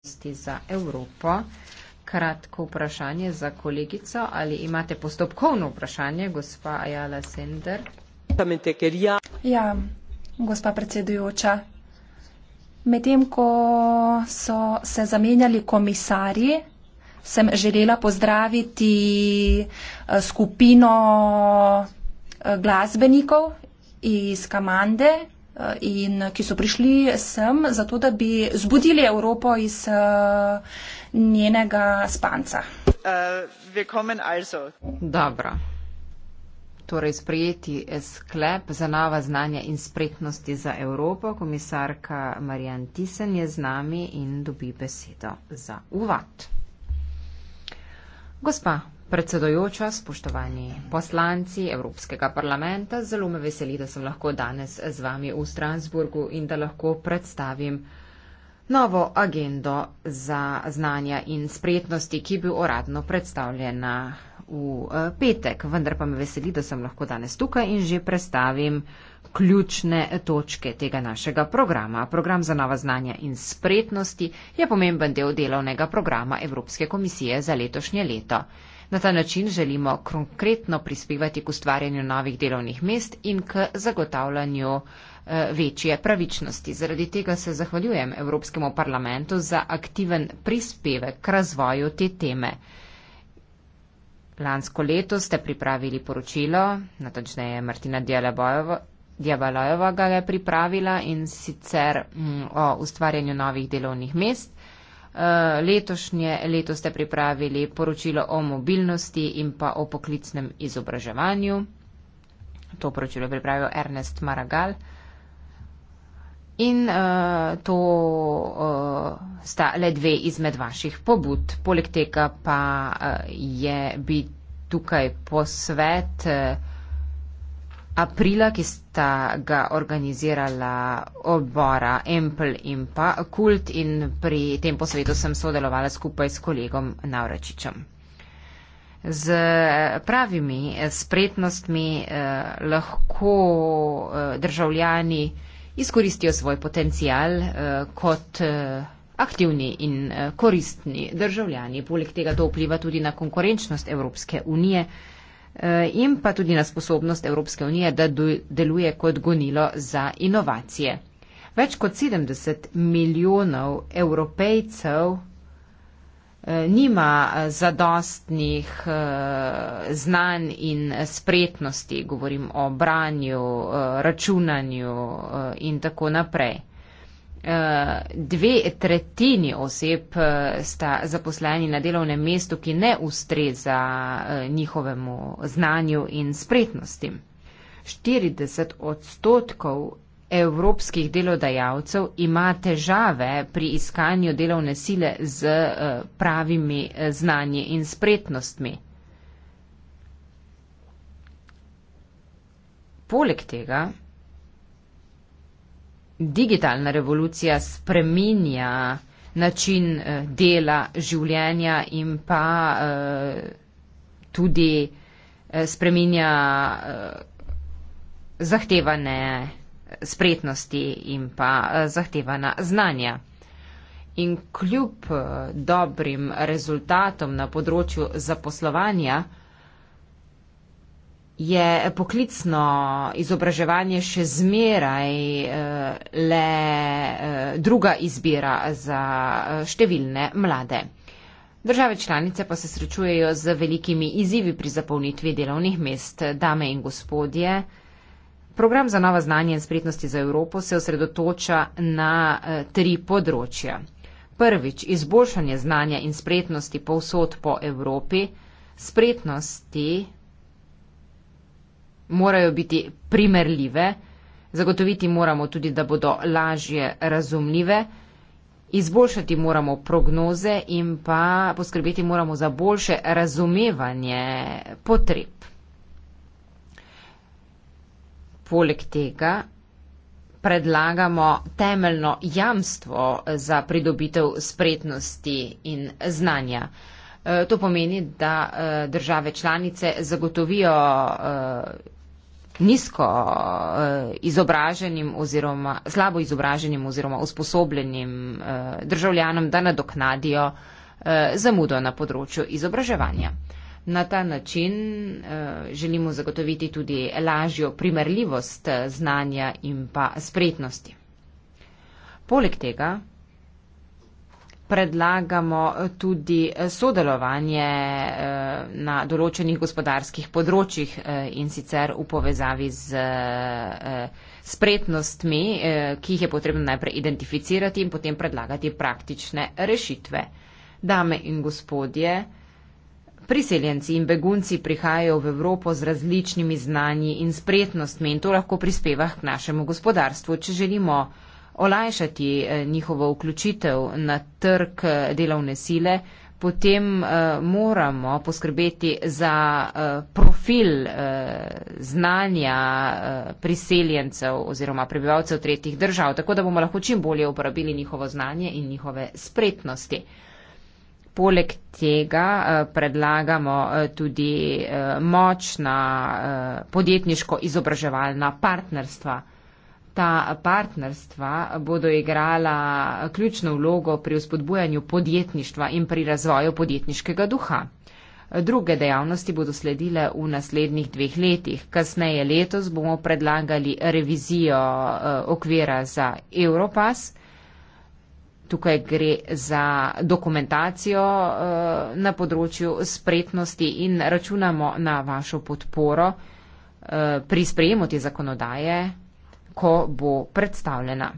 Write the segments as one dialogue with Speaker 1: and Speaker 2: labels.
Speaker 1: prihodnosti za Evropo. Kratko vprašanje za kolegico. Ali imate postopkovno vprašanje, gospa Ajala Sender?
Speaker 2: Ja, gospa predsedujoča. Medtem, ko so se zamenjali komisarji, sem želela pozdraviti eh, skupino eh, glasbenikov iz Kamande, in ki so prišli sem, zato da bi zbudili Evropo iz eh, njenega spanca. Eh,
Speaker 1: Dobro. Torej, sprejeti sklep za nova znanja in spretnosti za Evropo. Komisarka Marjan Tisen je z nami in dobi besedo za uvod. Gospa Predsedojoča, spoštovani poslanci Evropskega parlamenta, zelo me veseli, da sem lahko danes z vami v Strasburgu in da lahko predstavim novo agendo za znanja in spretnosti, ki bi uradno predstavljena v eh, petek. Vendar pa me veseli, da sem lahko danes tukaj in že predstavim ključne točke tega našega programa. Program za nova znanja in spretnosti je pomemben del delovnega programa Evropske komisije za letošnje leto. Na ta način želimo konkretno prispevati k ustvarjanju novih delovnih mest in k zagotavljanju eh, večje pravičnosti. Zaradi tega se zahvaljujem Evropskemu parlamentu za aktiven prispevek k razvoju te teme. Lansko leto ste pripravili poročilo, natančneje Martina Djabalojeva ga je pripravila in sicer m, mm, o ustvarjanju novih delovnih mest. Eh, letošnje leto ste pripravili poročilo o mobilnosti in pa o poklicnem izobraževanju. To poročilo je pripravil Ernest Maragal. In uh, to uh, sta le dve izmed vaših pobud. Poleg tega pa uh, je bi tukaj posvet. Uh, aprila, ki sta ga organizirala odbora Empel in pa Kult in pri tem posvetu sem sodelovala skupaj s kolegom Navračičem. Z eh, pravimi eh, spretnostmi eh, lahko eh, državljani izkoristijo svoj potencial eh, kot eh, aktivni in eh, koristni državljani. Poleg tega to vpliva tudi na konkurenčnost Evropske unije. Eh, Eh, in pa tudi na sposobnost Evropske unije, da deluje kot gonilo za inovacije. Več kot 70 milijonov evropejcev eh, nima eh, zadostnih znanj in spretnosti, govorim o branju, računanju in tako naprej dve tretjini oseb eh, sta zaposleni na delovnem mestu, ki ne ustreza eh, njihovemu znanju in spretnosti. 40 odstotkov evropskih delodajalcev ima težave pri iskanju delovne sile z eh, pravimi znanji in spretnostmi. Poleg tega digitalna revolucija spreminja način eh, dela, življenja in pa eh, tudi eh, spreminja zahtevane spretnosti in pa zahtevana znanja. In kljub dobrim rezultatom na področju zaposlovanja, je poklicno izobraževanje še zmeraj eh, le eh, druga izbira za eh, številne mlade. Države članice pa se srečujejo z velikimi izzivi pri zapolnitvi delovnih mest, dame in gospodje. Program za nova znanja in spretnosti za Evropo se osredotoča na tri področja. Prvič, izboljšanje znanja in spretnosti povsod po Evropi, spretnosti morajo biti primerljive, zagotoviti moramo tudi, da bodo lažje razumljive, izboljšati moramo prognoze in pa poskrbeti moramo za boljše razumevanje potreb. Poleg tega predlagamo temeljno jamstvo za pridobitev spretnosti in znanja. E, to pomeni, da e, države članice zagotovijo e, nizko uh, izobraženim oziroma slabo izobraženim oziroma usposobljenim uh, državljanom, da nadoknadijo uh, zamudo na področju izobraževanja. Na ta način uh, želimo zagotoviti tudi lažjo primerljivost znanja in pa spretnosti. Poleg tega predlagamo tudi sodelovanje eh, na določenih gospodarskih področjih eh, in sicer v povezavi z eh, spretnostmi, ki jih je potrebno najprej identificirati in potem predlagati praktične rešitve. Dame in gospodje, priseljenci in begunci prihajajo v Evropo z različnimi znanji in spretnostmi in to lahko prispeva k našemu gospodarstvu, če želimo olajšati eh, njihovo vključitev na trg eh, delovne sile, potem eh, moramo poskrbeti za profil znanja priseljencev oziroma prebivalcev tretjih držav, tako da bomo lahko čim bolje uporabili njihovo znanje in njihove spretnosti. Poleg tega predlagamo tudi močna podjetniško izobraževalna partnerstva ta partnerstva bodo igrala ključno vlogo pri vzpodbujanju podjetništva in pri razvoju podjetniškega duha. Druge dejavnosti bodo sledile v naslednjih dveh letih. Kasneje letos bomo predlagali revizijo eh, okvira za Europas. Tukaj gre za dokumentacijo eh, na področju spretnosti in računamo na vašo podporo eh, pri sprejemu te zakonodaje, ko bo predstavljena.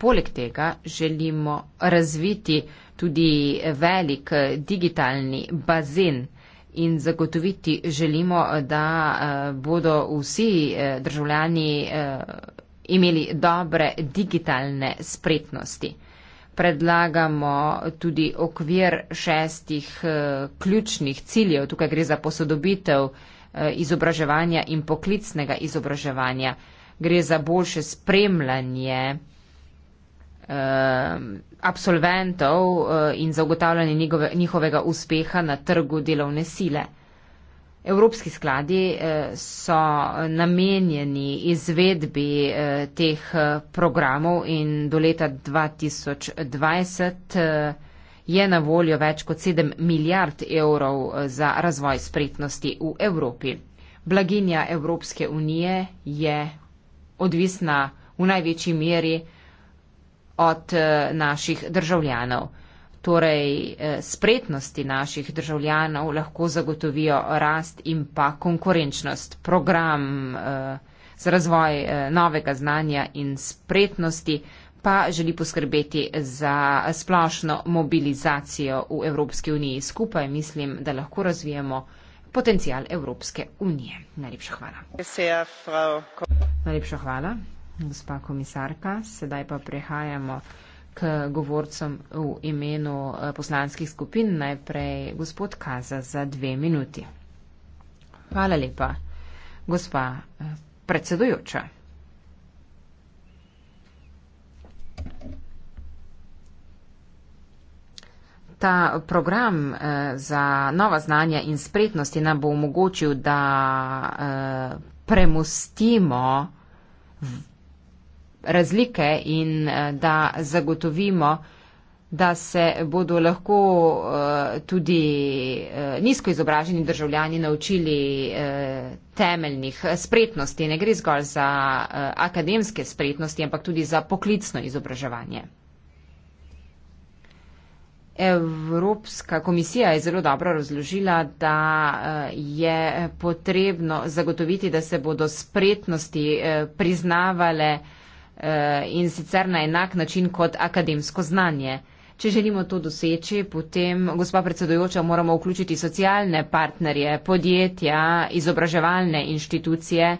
Speaker 1: Poleg tega želimo razviti tudi velik digitalni bazen. In zagotoviti želimo, da eh, bodo vsi eh, državljani eh, imeli dobre digitalne spretnosti. Predlagamo tudi okvir šestih ključnih ciljev. Tukaj gre za posodobitev izobraževanja in poklicnega izobraževanja gre za boljše spremljanje eh, absolventov eh, in zagotavljanje njihovega uspeha na trgu delovne sile. Evropski skladi eh, so namenjeni izvedbi teh programov in do leta 2020 je na voljo več kot 7 milijard evrov za razvoj spretnosti v Evropi. Blaginja Evropske unije je odvisna v največji meri od eh, naših državljanov. Torej, eh, spretnosti naših državljanov lahko zagotovijo rast in pa konkurenčnost. Program eh, za razvoj novega znanja in spretnosti pa želi poskrbeti za splošno mobilizacijo v Evropski uniji. Skupaj mislim, da lahko razvijemo potencial Evropske unije. Najlepša hvala. Najlepša hvala, gospa komisarka. Sedaj pa prehajamo k govorcem v imenu eh, poslanskih skupin. Najprej gospod Kaza za dve minuti. Hvala lepa, gospa eh, predsedujoča. ta program eh, za nova znanja in spretnosti nam bo omogočil, da eh, premustimo razlike in eh, da zagotovimo, da se bodo lahko tudi nizko izobraženi državljani naučili temeljnih spretnosti. Ne gre zgolj za akademske spretnosti, ampak tudi za poklicno izobraževanje. Evropska komisija je zelo dobro razložila, da eh, je potrebno zagotoviti, da se bodo spretnosti eh, priznavale eh, in sicer na enak način kot akademsko znanje. Če želimo to doseči, potem, gospa predsedojoča, moramo vključiti socialne partnerje, podjetja, izobraževalne inštitucije,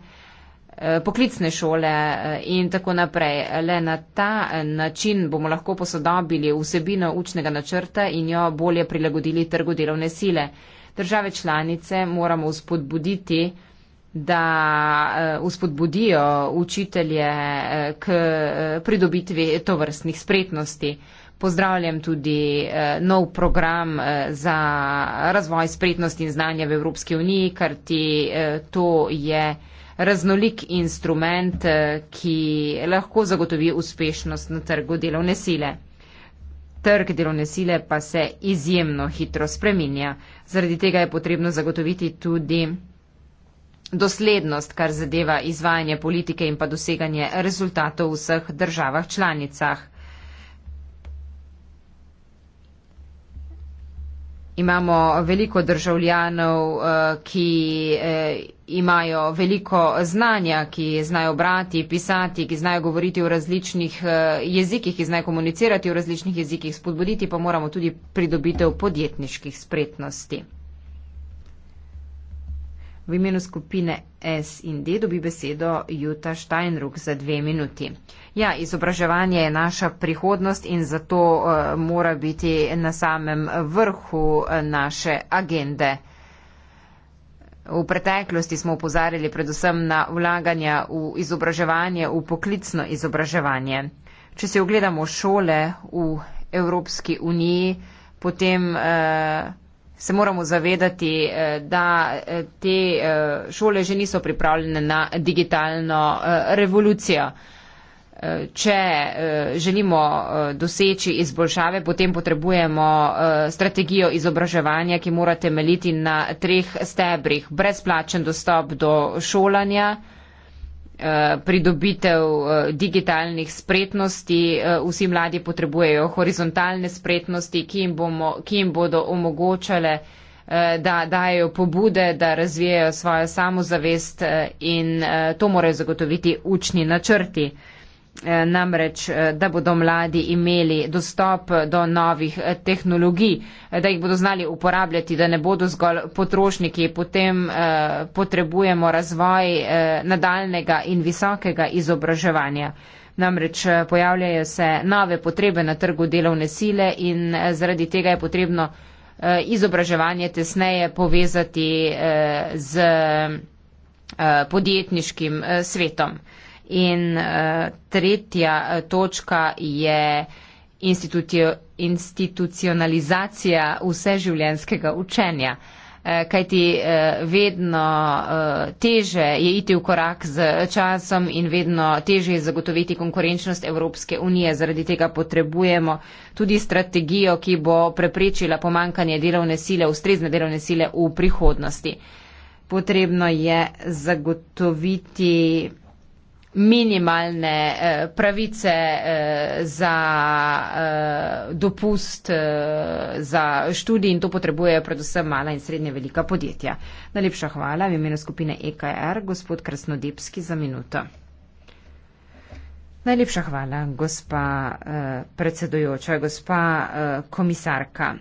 Speaker 1: Eh, poklicne šole eh, in tako naprej. Le na ta eh, način bomo lahko posodobili vsebino učnega načrta in jo bolje prilagodili trgu delovne sile. Države članice moramo uspodbuditi, da uspodbudijo učitelje k pridobitvi tovrstnih spretnosti. Pozdravljam tudi nov program za razvoj spretnosti in znanja v Evropski uniji, kar ti to je raznolik instrument, eh, ki lahko zagotovi uspešnost na trgu delovne sile. Trg delovne sile pa se izjemno hitro spreminja. Zaradi tega je potrebno zagotoviti tudi doslednost, kar zadeva izvajanje politike in pa doseganje rezultatov v vseh državah članicah. imamo veliko državljanov, eh, ki eh, imajo veliko znanja, ki znajo brati, pisati, ki znajo govoriti v različnih eh, jezikih, ki znajo komunicirati v različnih jezikih, spodbuditi pa moramo tudi pridobitev podjetniških spretnosti. V imenu skupine S in D dobi besedo Juta Steinruck za dve minuti. Ja, izobraževanje je naša prihodnost in zato uh, mora biti na samem vrhu eh, naše agende. V preteklosti smo upozarjali predvsem na vlaganja v izobraževanje, v poklicno izobraževanje. Če si ogledamo šole v Evropski uniji, potem uh, se moramo zavedati, eh, da eh, te eh, šole že niso pripravljene na digitalno revolucijo. Če želimo doseči izboljšave, potem potrebujemo strategijo izobraževanja, ki mora temeljiti na treh stebrih. Brezplačen dostop do šolanja, Eh, pridobitev eh, digitalnih spretnosti. Eh, vsi mladi potrebujejo horizontalne spretnosti, ki jim, bomo, ki jim bodo omogočale, da dajo pobude, da razvijajo svojo samozavest in to morajo zagotoviti učni načrti. Eh, namreč, eh, da bodo mladi imeli dostop do novih eh, tehnologij, da jih bodo znali uporabljati, da ne bodo zgolj potrošniki, potem potrebujemo razvoj nadaljnega in visokega izobraževanja. Namreč pojavljajo se nove potrebe na trgu delovne sile in zaradi tega je potrebno izobraževanje tesneje povezati z podjetniškim svetom. In uh, tretja eh, točka je institucionalizacija vseživljenskega učenja. Eh, Kaj ti vedno teže je iti v korak z časom in vedno teže je zagotoviti konkurenčnost Evropske unije. Zaradi tega potrebujemo tudi strategijo, ki bo preprečila pomankanje delovne sile, ustrezne delovne sile v prihodnosti. Potrebno je zagotoviti minimalne eh, pravice eh, za eh, dopust eh, za študij in to potrebujejo predvsem mala in srednje velika podjetja. Najlepša hvala v imenu skupine EKR, gospod Krasnodepski, za minuto. Najlepša hvala, gospa eh, predsedojoča, gospa eh, komisarka.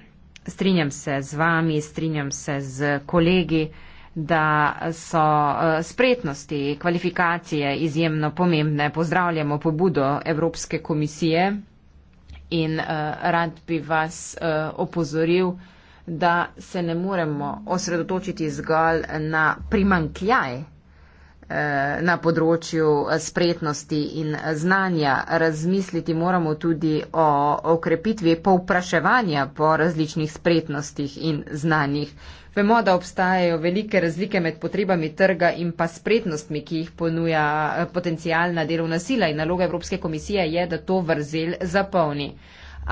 Speaker 1: Strinjam se z vami, strinjam se z kolegi. Eh, da so eh, spretnosti, kvalifikacije izjemno pomembne. Pozdravljamo pobudo Evropske komisije in eh, rad bi vas eh, opozoril, da se ne moremo osredotočiti zgolj na primankljaj na področju spretnosti in znanja. Razmisliti moramo tudi o okrepitvi povpraševanja po različnih spretnostih in znanjih. Vemo, da obstajajo velike razlike med potrebami trga in pa spretnostmi, ki jih ponuja eh, potencijalna delovna sila in naloga Evropske komisije je, da to vrzel zapolni.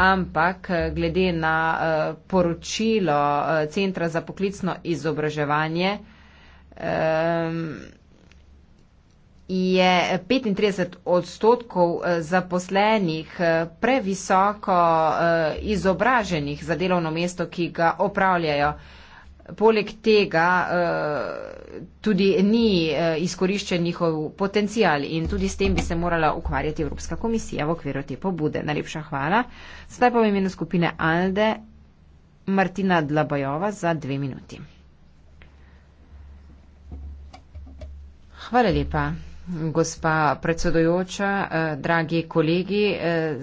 Speaker 1: Ampak eh, glede na eh, poročilo Centra za poklicno izobraževanje ehm, je 35 odstotkov zaposlenih previsoko izobraženih za delovno mesto, ki ga opravljajo. Poleg tega eh, tudi ni eh, izkoriščen njihov potencial in tudi s tem bi se morala ukvarjati Evropska komisija v okviru te pobude. Najlepša hvala. Zdaj pa v imenu skupine Alde Martina Dlabajova za dve minuti. Hvala lepa, gospa predsedojoča, eh, dragi kolegi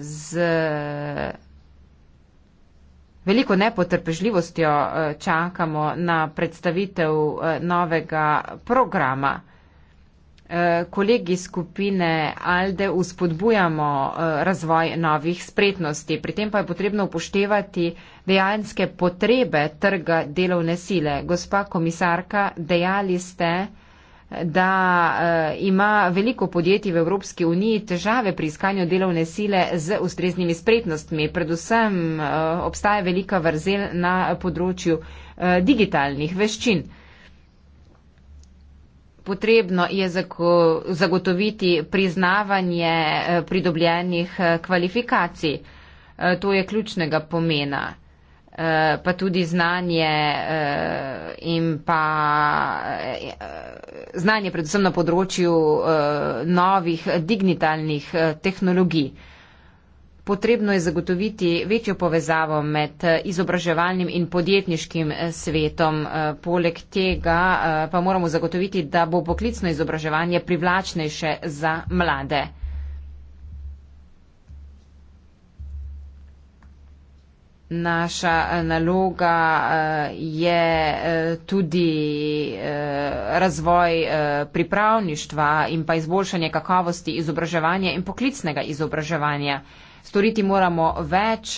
Speaker 1: z veliko nepotrpežljivostjo eh, čakamo na predstavitev eh, novega programa. Eh, kolegi skupine Alde uspodbujamo razvoj novih spretnosti, pri tem pa je potrebno upoštevati dejanske potrebe trga delovne sile. Gospa komisarka, dejali ste, da eh, ima veliko podjetij v Evropski uniji težave pri iskanju delovne sile z ustreznimi spretnostmi. Predvsem eh, obstaja velika vrzel na področju eh, digitalnih veščin. Potrebno je zagotoviti priznavanje pridobljenih kvalifikacij. To je ključnega pomena. Eh, pa tudi znanje eh, in pa eh, znanje predvsem na področju novih digitalnih tehnologij. Potrebno je zagotoviti večjo povezavo med izobraževalnim in podjetniškim svetom. Poleg tega pa moramo zagotoviti, da bo poklicno izobraževanje privlačnejše za mlade. naša eh, naloga eh, je eh, tudi razvoj pripravništva in pa izboljšanje kakovosti izobraževanja in poklicnega izobraževanja. Storiti moramo več,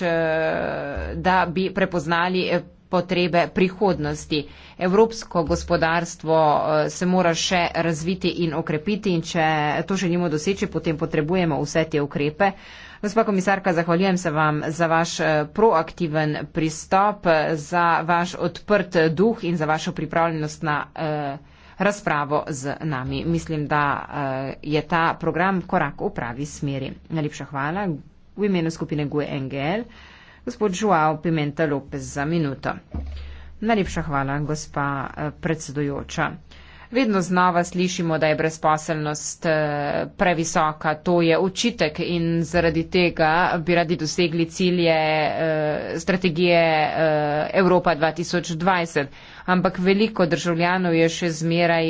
Speaker 1: da bi prepoznali potrebe prihodnosti. Evropsko gospodarstvo se mora še razviti in okrepiti in če to želimo doseči, potem potrebujemo vse te ukrepe. Gospa komisarka, zahvaljujem se vam za vaš eh, proaktiven pristop, za vaš odprt duh in za vašo pripravljenost na eh, razpravo z nami. Mislim, da eh, je ta program korak v pravi smeri. Najlepša hvala v imenu skupine GUE NGL, gospod Žuao Pimenta Lopez za minuto. Najlepša hvala, gospa predsedujoča. Vedno znova slišimo, da je brezposelnost eh, previsoka. To je očitek in zaradi tega bi radi dosegli cilje eh, strategije eh, Evropa 2020. Ampak veliko državljanov je še zmeraj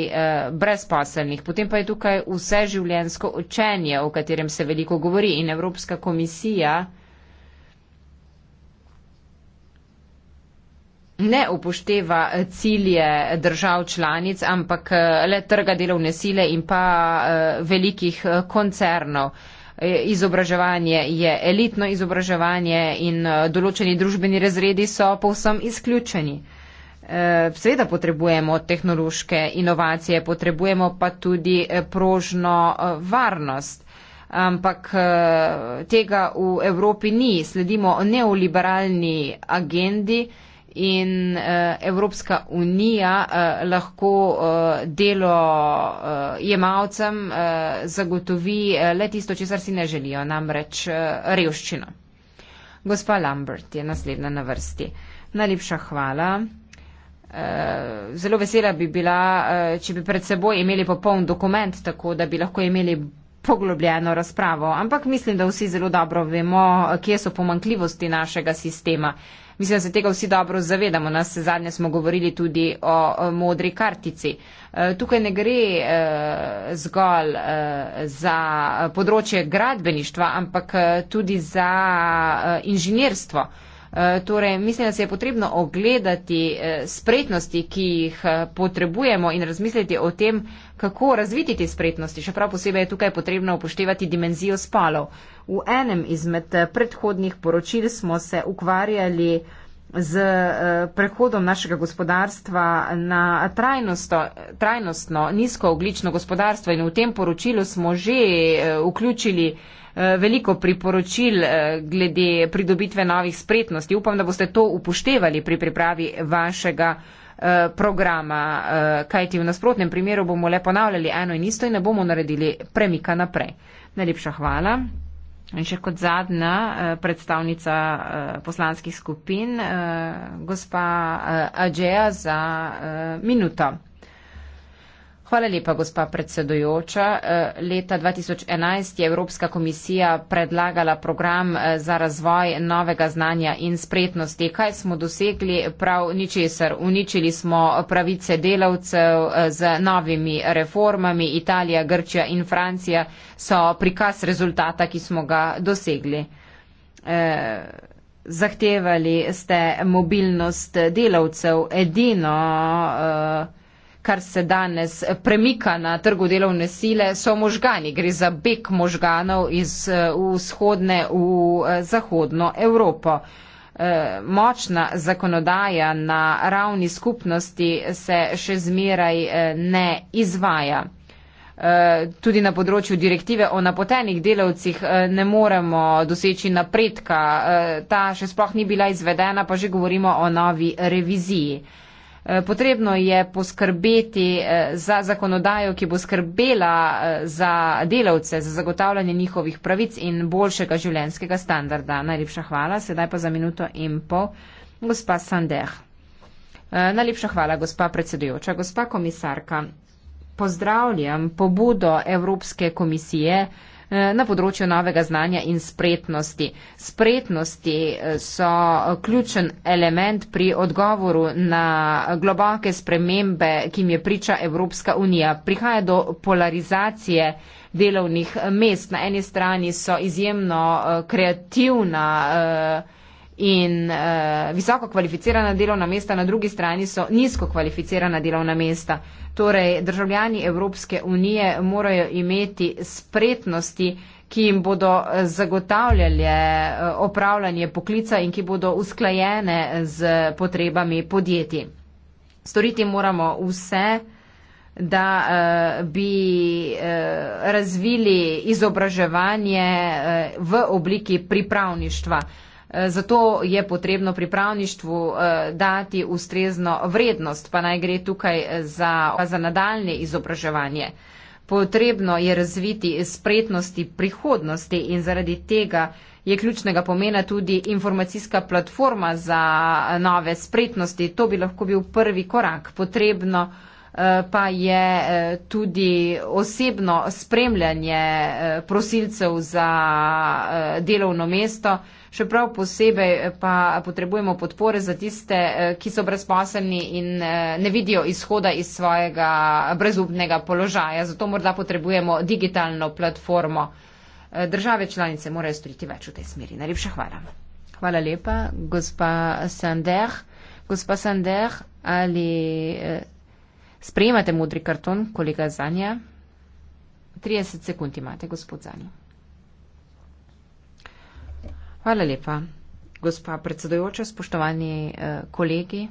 Speaker 1: brezposelnih. Potem pa je tukaj vse življensko učenje, o katerem se veliko govori in Evropska komisija ne upošteva cilje držav članic, ampak eh, le trga delovne sile in pa eh, velikih eh, koncernov. E, izobraževanje je elitno izobraževanje in določeni družbeni razredi so povsem izključeni. E, seveda potrebujemo tehnološke inovacije, potrebujemo pa tudi prožno varnost. Ampak tega v Evropi ni. Sledimo neoliberalni agendi, in uh, Evropska unija uh, lahko uh, delo uh, jemalcem uh, zagotovi uh, le tisto, česar si ne želijo, namreč uh, revščino. Gospa Lambert je naslednja na vrsti. Najlepša hvala. Uh, zelo vesela bi bila, uh, če bi pred seboj imeli popoln dokument, tako da bi lahko imeli poglobljeno razpravo. Ampak mislim, da vsi zelo dobro vemo, kje so pomankljivosti našega sistema. Uh, Mislim, da se tega vsi dobro zavedamo. Nas zadnje smo govorili tudi o, o modri kartici. E, tukaj ne gre e, zgolj e, za področje gradbeništva, ampak tudi za inženirstvo. Eh, torej, mislim, da se je potrebno ogledati eh, spretnosti, ki jih eh, potrebujemo in razmisliti o tem, kako razviti te spretnosti. Še prav posebej je tukaj potrebno upoštevati dimenzijo spalov. V enem izmed predhodnih poročil smo se ukvarjali uh, z eh, prehodom našega gospodarstva na trajnostno, nizkooglično gospodarstvo in v tem poročilu smo že eh, vključili eh, veliko priporočil glede pridobitve novih spretnosti. Upam, da boste to upoštevali pri pripravi vašega programa, kajti v nasprotnem primeru bomo le ponavljali eno in isto in ne bomo naredili premika naprej. Najlepša hvala. In še kot zadnja eh, predstavnica eh, poslanskih skupin, eh, gospa Ađeja za minuto. Hvala lepa, gospa predsedujoča. Eh, leta 2011 je Evropska komisija predlagala program eh, za razvoj novega znanja in spretnosti. Kaj smo dosegli? Prav ničesar. Uničili smo pravice delavcev eh, z novimi reformami. Italija, Grčija in Francija so prikaz rezultata, ki smo ga dosegli. Zahtevali ste mobilnost delavcev edino kar se danes premika na trgu delovne sile, so možgani. Gre za beg možganov iz eh, vzhodne v eh, zahodno Evropo. Eh, močna zakonodaja na ravni skupnosti se še zmeraj ne izvaja. Tudi na področju direktive o napotenih delavcih ne moremo doseči napredka. Ta še sploh ni bila izvedena, pa že govorimo o novi reviziji. Eh, potrebno je poskrbeti eh, za zakonodajo, ki bo skrbela eh, za delavce, za zagotavljanje njihovih pravic in boljšega življenskega standarda. Najlepša hvala. Sedaj pa za minuto in pol. Gospa Sander. Najlepša hvala, gospa predsedujoča. Gospa komisarka, pozdravljam pobudo Evropske komisije, Eh, na področju novega znanja in spretnosti. Spretnosti eh, so ključen element pri odgovoru na globoke spremembe, ki jim je priča Evropska unija. Prihaja do polarizacije delovnih mest. Na eni strani so izjemno eh, kreativna in uh, visoko kvalificirana delovna mesta, na drugi strani so nizko kvalificirana delovna mesta. Torej, državljani Evropske unije morajo imeti spretnosti, ki jim bodo eh, zagotavljali eh, opravljanje poklica in ki bodo usklajene z potrebami podjetij. Storiti moramo vse, da uh, bi uh, razvili izobraževanje uh, v obliki pripravništva. Uh, Eh, zato je potrebno pripravništvu eh, dati ustrezno vrednost, pa naj gre tukaj eh, za, za nadaljne izobraževanje. Potrebno je razviti spretnosti prihodnosti in zaradi tega je ključnega pomena tudi informacijska platforma za nove spretnosti. To bi lahko bil prvi korak. Potrebno pa je eh, tudi osebno spremljanje eh, prosilcev za eh, delovno mesto. Še prav posebej pa potrebujemo podpore za tiste, ki so brezposelni in ne vidijo izhoda iz svojega brezupnega položaja. Zato morda potrebujemo digitalno platformo. Države članice morajo storiti več v tej smeri. Najlepša hvala. Hvala lepa, gospa Sander. Gospa Sander, ali. Eh... Sprejemate modri karton, kolega Zanja. 30 sekund imate, gospod Zanja. Hvala lepa. Gospa predsedojoča, spoštovani eh, kolegi.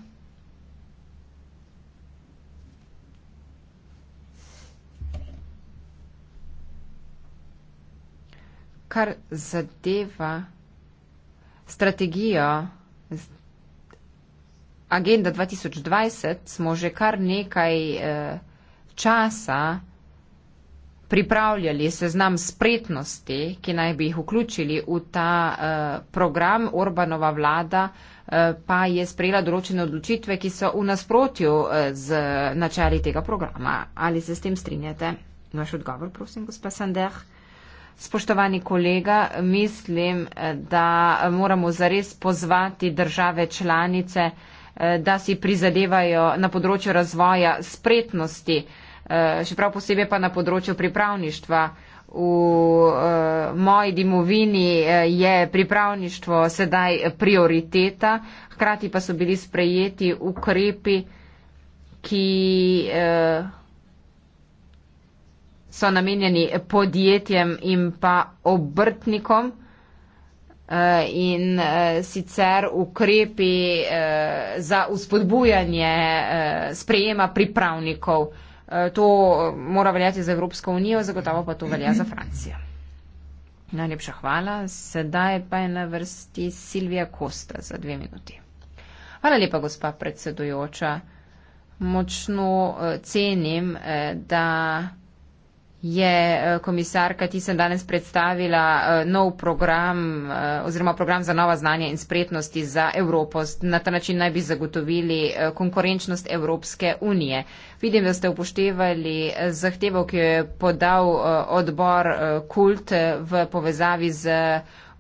Speaker 1: Kar zadeva strategijo Agenda 2020 smo že kar nekaj eh, časa pripravljali seznam spretnosti, ki naj bi jih vključili v ta eh, program. Orbanova vlada eh, pa je sprejela določene odločitve, ki so v nasprotju z načeli tega programa. Ali se s tem strinjate? Naš odgovor, prosim, gospa Sandeh. Spoštovani kolega, mislim, da moramo zares pozvati države članice, Eh, da si prizadevajo na področju razvoja spretnosti, eh, še prav posebej pa na področju pripravništva. V eh, moji domovini je pripravništvo sedaj prioriteta, hkrati pa so bili sprejeti ukrepi, ki so namenjeni podjetjem in pa obrtnikom. Eh, in eh, sicer ukrepi eh, za uspodbujanje sprejema pripravnikov. To mora veljati za Evropsko unijo, zagotovo pa to velja za Francijo. Najlepša hvala. Sedaj pa je na vrsti Silvija Kosta za dve minuti. Hvala lepa, gospa predsedujoča. Močno cenim, da je eh, komisarka, ti sem danes predstavila eh, nov program eh, oziroma program za nova znanja in spretnosti za Evropo. Na ta način naj bi zagotovili konkurenčnost Evropske unije. Vidim, da ste upoštevali zahtevo, ki jo je podal odbor KULT v povezavi z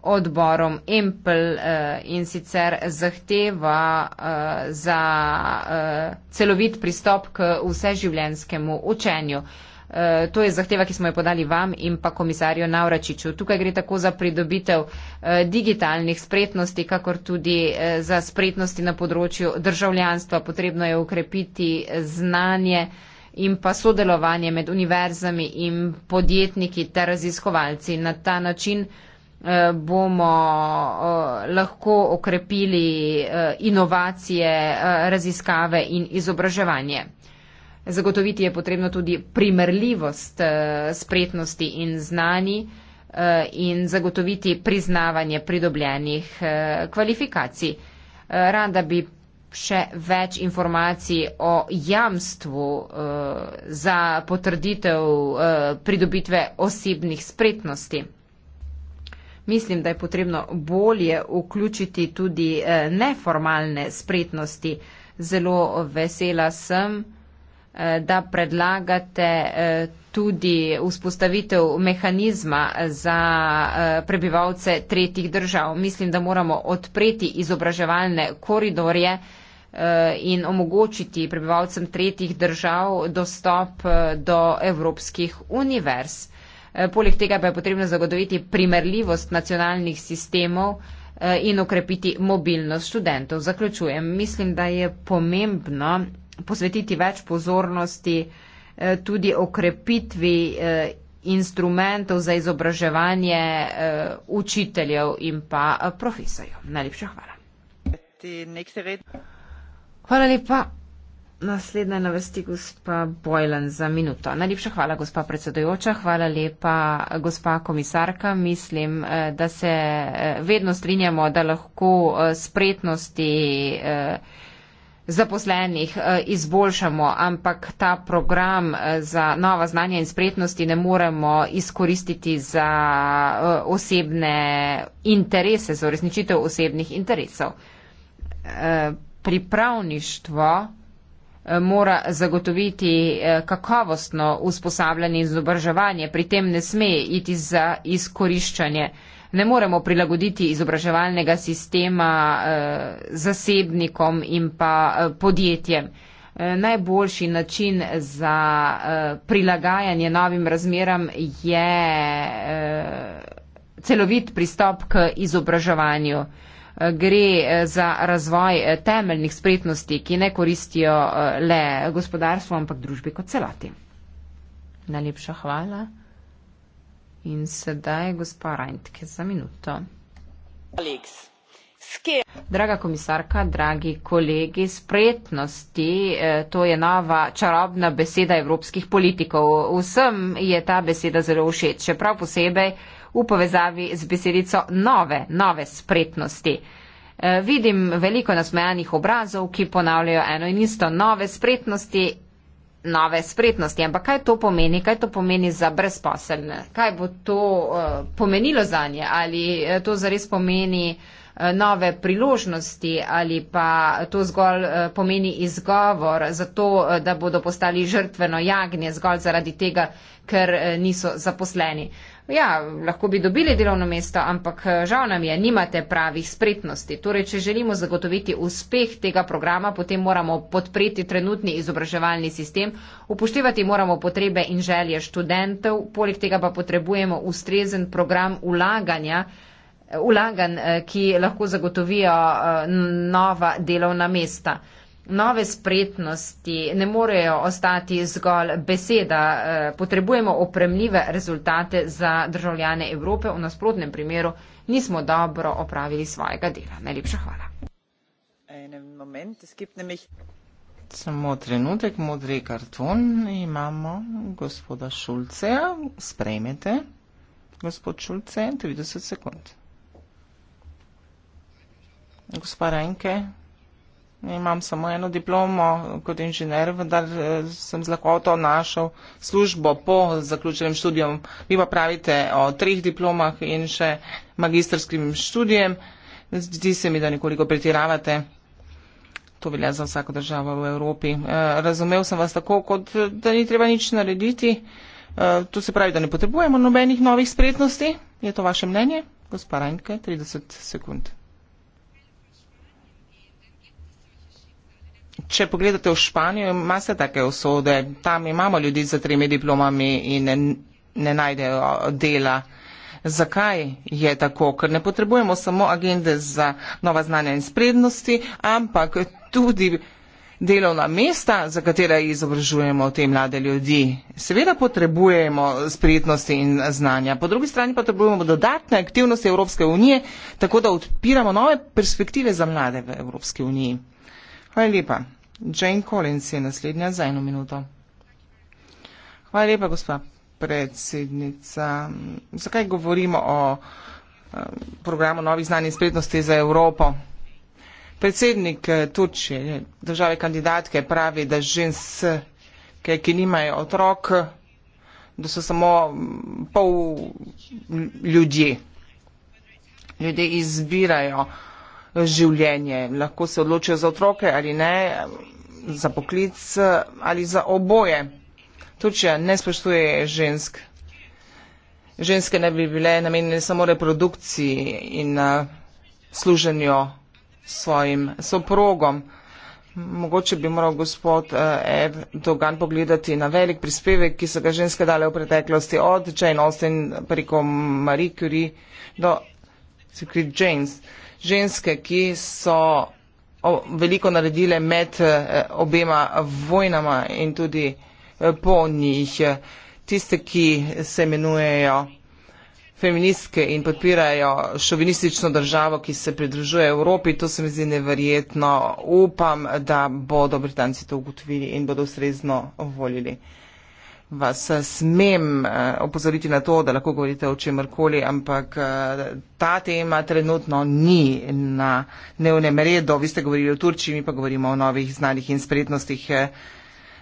Speaker 1: odborom EMPL in sicer zahteva za celovit pristop k vseživljenskemu učenju. Eh, to je zahteva, ki smo jo podali vam in pa komisarju Navračiču. Tukaj gre tako za pridobitev eh, digitalnih spretnosti, kakor tudi eh, za spretnosti na področju državljanstva. Potrebno je ukrepiti znanje in pa sodelovanje med univerzami in podjetniki ter raziskovalci. Na ta način bomo lahko okrepili inovacije, raziskave in izobraževanje. Zagotoviti je potrebno tudi primerljivost eh, spretnosti in znani eh, in zagotoviti priznavanje pridobljenih eh, kvalifikacij. Rada bi še več informacij o jamstvu za potrditev pridobitve osebnih spretnosti. Mislim, da je potrebno bolje vključiti tudi neformalne spretnosti. Zelo vesela sem, da predlagate eh, tudi vzpostavitev mehanizma za eh, prebivalce tretjih držav. Mislim, da moramo odpreti izobraževalne koridorje eh, in omogočiti prebivalcem tretjih držav dostop do evropskih univerz. Poleg tega pa je potrebno zagotoviti primerljivost nacionalnih sistemov in okrepiti mobilnost študentov. Zaključujem, mislim, da je pomembno posvetiti več pozornosti eh, tudi okrepitvi eh, instrumentov za izobraževanje eh, učiteljev in pa profesorjev. Najlepša hvala. Hvala lepa. Naslednja na vrsti gospa Bojlan za minuto. Najlepša hvala, gospa predsedojoča, hvala lepa, gospa komisarka. Mislim, da se vedno strinjamo, da lahko spretnosti zaposlenih eh, izboljšamo, ampak ta program eh, za nova znanja in spretnosti ne moremo izkoristiti za eh, osebne interese, za uresničitev osebnih interesov. Pripravništvo mora zagotoviti kakovostno usposabljanje in izobraževanje, pri tem ne sme iti za izkoriščanje ne moremo prilagoditi izobraževalnega sistema eh, zasebnikom in pa eh, podjetjem. Eh, najboljši način za prilagajanje novim razmeram je celovit pristop k izobraževanju. Gre za razvoj temeljnih spretnosti, ki ne koristijo le gospodarstvu, ampak družbi kot celoti. Najlepša hvala. In sedaj, gospa Rajntke, za minuto. Alex. Draga komisarka, dragi kolegi, spretnosti, eh, to je nova čarobna beseda evropskih politikov. Vsem je ta beseda zelo všeč, še prav posebej v povezavi z besedico nove, nove spretnosti. Eh, vidim veliko nasmejanih obrazov, ki ponavljajo eno in isto nove spretnosti nove spretnosti. Ampak kaj to pomeni, kaj to pomeni za brezposelne? Kaj bo to uh, pomenilo za nje? Ali eh, to zares pomeni uh, nove priložnosti ali pa to zgolj uh, pomeni izgovor za to, uh, da bodo postali žrtveno jagnje zgolj zaradi tega, ker uh, niso zaposleni? Uh, ja, lahko bi dobili delovno mesto, ampak eh, žal nam je, nimate pravih spretnosti. Torej, če želimo zagotoviti uspeh tega programa, potem moramo podpreti trenutni izobraževalni sistem, upoštevati moramo potrebe in želje študentov, poleg tega pa potrebujemo ustrezen program ulaganja eh, ulagan, eh, ki lahko zagotovijo nova delovna mesta nove spretnosti ne morejo ostati zgolj beseda. Eh, potrebujemo opremljive rezultate za državljane Evrope. V nasprotnem primeru nismo dobro opravili svojega dela. Najlepša hvala.
Speaker 3: Samo trenutek, modri karton. Imamo gospoda Šulceja. Sprejmete, gospod Šulce, 30 sekund. Gospa Renke, Imam samo eno diplomo kot inženir, vendar eh, sem z lahkoto našel službo po zaključenem študiju. Vi pa pravite o treh diplomah in še magistrskim študijem. Zdi se mi, da nekoliko pretiravate. To velja za vsako državo v Evropi. Eh, razumel sem vas tako, kot eh, da ni treba nič narediti. To se pravi, da ne potrebujemo nobenih novih spretnosti. Je to vaše mnenje? Gospa Rajnke, 30 sekund. Če pogledate v Španijo, imate take usode. Tam imamo ljudi za tremi diplomami in ne, ne najdejo dela. Zakaj je tako? Ker ne potrebujemo samo agende za nova znanja in sprednosti, ampak tudi delovna mesta, za katera izobražujemo te mlade ljudi. Seveda potrebujemo spretnosti in znanja. Po drugi strani pa potrebujemo dodatne aktivnosti Evropske unije, tako da odpiramo nove perspektive za mlade v Evropski uniji. Hvala lepa. Jane Collins je naslednja za eno minuto. Hvala lepa, gospa predsednica. Zakaj govorimo o eh, programu novih znanj in spretnosti za Evropo? Predsednik eh, Turčije, države kandidatke, pravi, da ženske, ki nimajo otrok, da so samo mm, pol ljudje. Ljudje izbirajo življenje. Lahko se odločijo za otroke ali ne, za poklic ali za oboje. Turčija ne spoštuje žensk. Ženske ne bi bile namenjene samo reprodukciji in služenju svojim soprogom. Mogoče bi moral gospod Erdogan pogledati na velik prispevek, ki so ga ženske dale v preteklosti od Jane Austen preko Marie Curie do Secret Janes, ženske, ki so veliko naredile med eh, obema vojnama in tudi eh, po njih. Tiste, ki se imenujejo feministke in podpirajo šovinistično državo, ki se pridružuje Evropi, to se mi zdi neverjetno. Upam, da bodo Britanci to ugotovili in bodo ustrezno volili vas eh, smem eh, opozoriti na to, da lahko govorite o čemrkoli, ampak eh, ta tema trenutno ni na dnevnem redu. Vi ste govorili o Turčiji, mi pa govorimo o novih znanih in spretnostih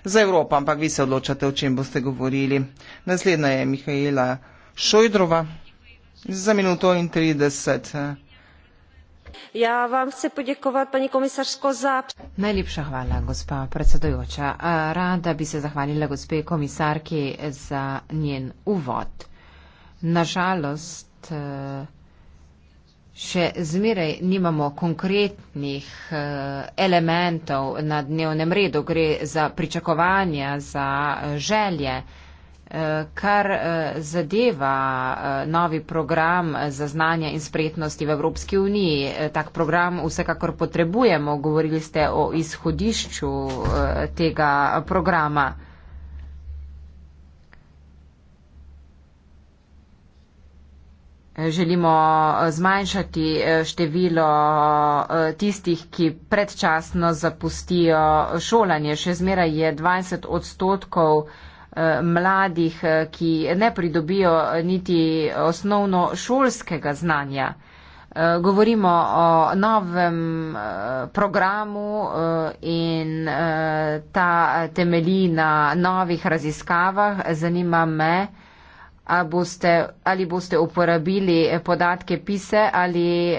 Speaker 3: za Evropo, ampak vi se odločate, o čem boste govorili. Naslednja je Mihajla Šojdrova za minuto in 30
Speaker 2: ja vam se podjekovat pani komisarsko za
Speaker 1: najlepša hvala gospa predsedujoča
Speaker 2: e, rada
Speaker 1: bi se zahvalila gospe komisarki za njen uvod nažalost e, še zmeraj nimamo konkretnih e, elementov na dnevnem redu gre za pričakovanja za želje Kar eh, zadeva eh, novi program eh, za znanje in spretnosti v Evropski uniji, tak program vsekakor potrebujemo. Govorili ste o izhodišču tega programa. Želimo zmanjšati število tistih, ki predčasno zapustijo šolanje. Še zmeraj je 20 odstotkov mladih, ki ne pridobijo niti osnovno šolskega znanja. Govorimo o novem eh, programu eh, in eh, ta temelji na novih raziskavah. Zanima me, ali boste, ali boste uporabili podatke PISE ali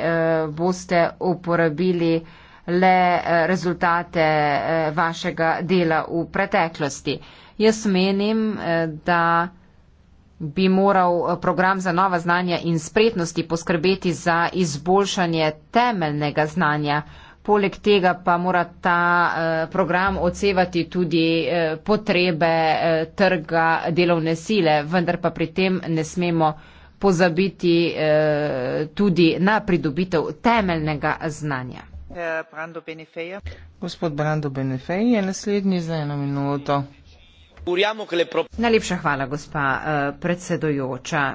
Speaker 1: boste uporabili le eh, rezultate eh, vašega dela v preteklosti. Jaz menim, eh, da bi moral program za nova znanja in spretnosti poskrbeti za izboljšanje temeljnega znanja. Poleg tega pa mora ta program odsevati tudi potrebe trga delovne sile, vendar pa pri tem ne smemo pozabiti tudi na pridobitev temeljnega znanja najlepša hvala gospa eh, predsedujoča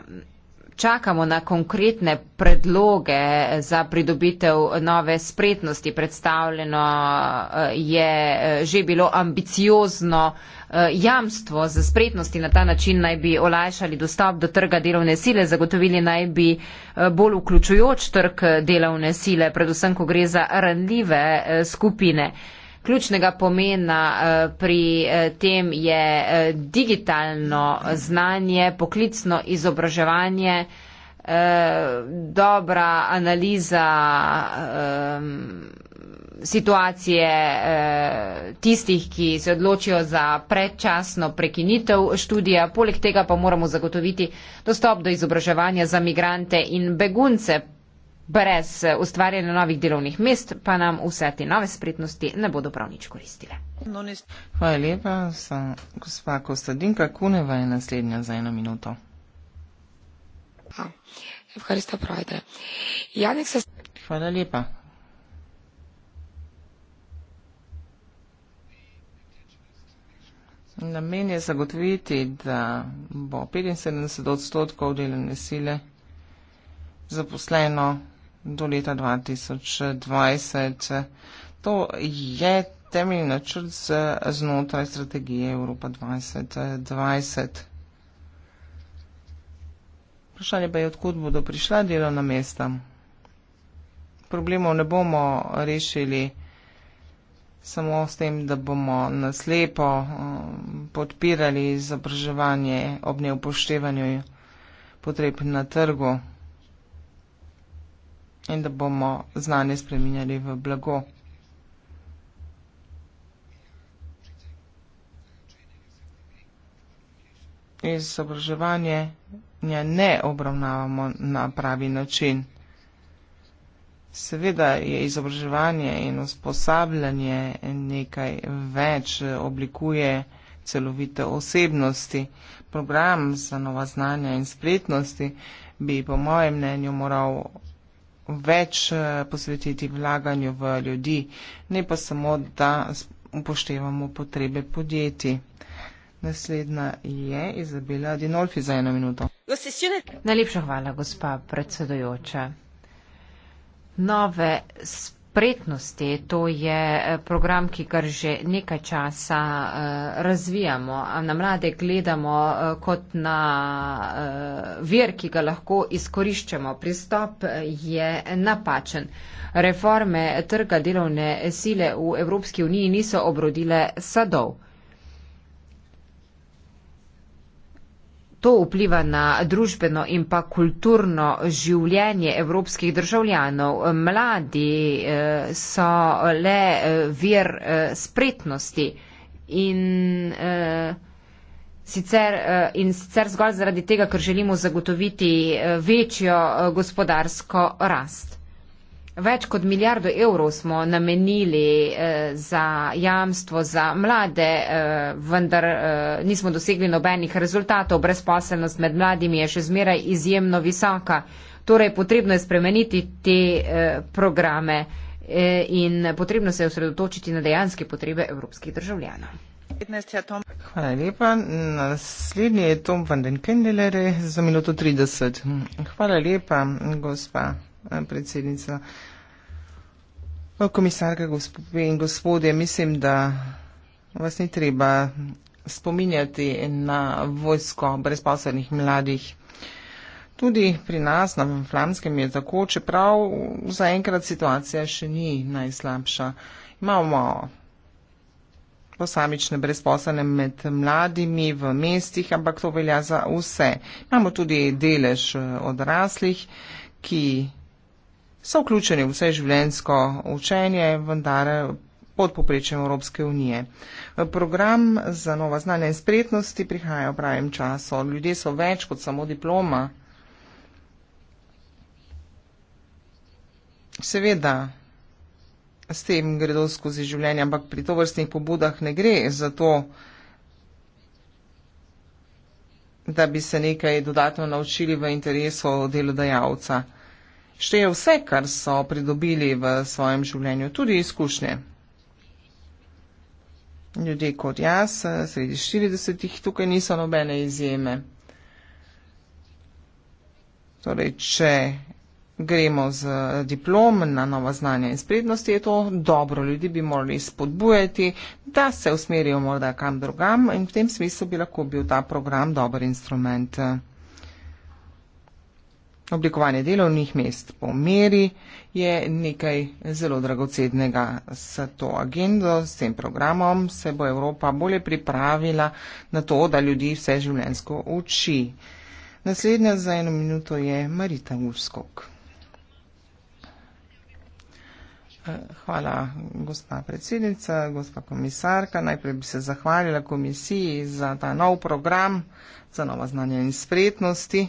Speaker 1: čakamo na konkretne predloge za pridobitev nove spretnosti. Predstavljeno eh, je eh, že bilo ambiciozno eh, jamstvo za spretnosti. Na ta način naj bi olajšali dostop do trga delovne sile, zagotovili naj bi bolj vključujoč trg delovne sile, predvsem, ko gre za ranljive skupine ključnega pomena eh, pri eh, tem je eh, digitalno znanje, poklicno izobraževanje, dobra analiza situacije tistih, ki se odločijo za predčasno prekinitev študija. Poleg tega pa moramo zagotoviti dostop do izobraževanja za migrante in begunce Brez eh, ustvarjanja novih delovnih mest pa nam vse te nove spretnosti ne bodo prav nič koristile. Hvala lepa, sem
Speaker 3: gospa Kostadinka Kuneva in naslednja za eno minuto. Hvala lepa. Namen je zagotoviti, da bo 75 odstotkov delovne sile zaposleno do leta 2020. To je temeljni načrt znotraj strategije Evropa 2020. Vprašanje pa je, odkud bodo prišla delovna mesta. Problemov ne bomo rešili samo s tem, da bomo naslepo um, podpirali izobraževanje ob neupoštevanju potreb na trgu in da bomo znanje spreminjali v blago. Izobraževanje ne obravnavamo na pravi način. Seveda je izobraževanje in usposabljanje nekaj več oblikuje celovite osebnosti. Program za nova znanja in spretnosti bi po mojem mnenju moral več eh, posvetiti vlaganju v ljudi, ne pa samo, da upoštevamo potrebe podjetij.
Speaker 1: Naslednja je Izabela Dinolfi za eno minuto. Najlepša hvala, gospa predsedujoča. Nove spretnosti. To je eh, program, ki ga že nekaj časa eh, razvijamo. Na mlade gledamo eh, kot na vir, ki ga lahko izkoriščamo. Pristop je napačen. Reforme trga delovne sile v Evropski uniji niso obrodile sadov. to vpliva na družbeno in pa kulturno življenje evropskih državljanov. Mladi eh, so le eh, vir eh, spretnosti in sicer, in sicer zgolj zaradi tega, ker želimo zagotoviti večjo gospodarsko rast. Več kot milijardo evrov smo namenili eh, za jamstvo za mlade, eh, vendar eh, nismo dosegli nobenih rezultatov. Brezposelnost med mladimi je še zmeraj izjemno visoka. Torej, potrebno je spremeniti te eh, programe eh, in potrebno se je osredotočiti na dejanske potrebe evropskih državljanov. Hvala lepa.
Speaker 3: Naslednji je Tom van den Kendeler za minuto 30. Hvala lepa, gospa predsednica. Komisarka gospod in gospodje, mislim, da vas ni treba spominjati na vojsko brezposobnih mladih. Tudi pri nas na Flamskem je tako, čeprav zaenkrat situacija še ni najslabša. Imamo posamične brezposobne med mladimi v mestih, ampak to velja za vse. Imamo tudi delež eh, odraslih, ki so vključeni v vse življensko učenje, vendar pod poprečjem Evropske unije. Program za nova znanja in spretnosti prihaja v pravem času. Ljudje so več kot samo diploma. Seveda, s tem gredo skozi življenje, ampak pri tovrstnih pobudah ne gre za to, da bi se nekaj dodatno naučili v interesu delodajalca šteje vse, kar so pridobili v svojem življenju, tudi izkušnje. Ljudje kot jaz, eh, sredi 40-ih, tukaj niso nobene izjeme. Torej, če gremo z eh, diplom na nova znanja in sprednosti, je to dobro. Ljudi bi morali spodbujati, da se usmerijo morda kam drugam in v tem smislu bi lahko bil ta program dober instrument. Eh. Oblikovanje delovnih mest po meri je nekaj zelo dragocednega. S to agendo, s tem programom se bo Evropa bolje pripravila na to, da ljudi vse življensko uči. Naslednja za eno minuto je Marita Urskog. Eh, hvala, gospa predsednica, gospa komisarka. Najprej bi se zahvalila komisiji za ta nov program, za nova znanja in spretnosti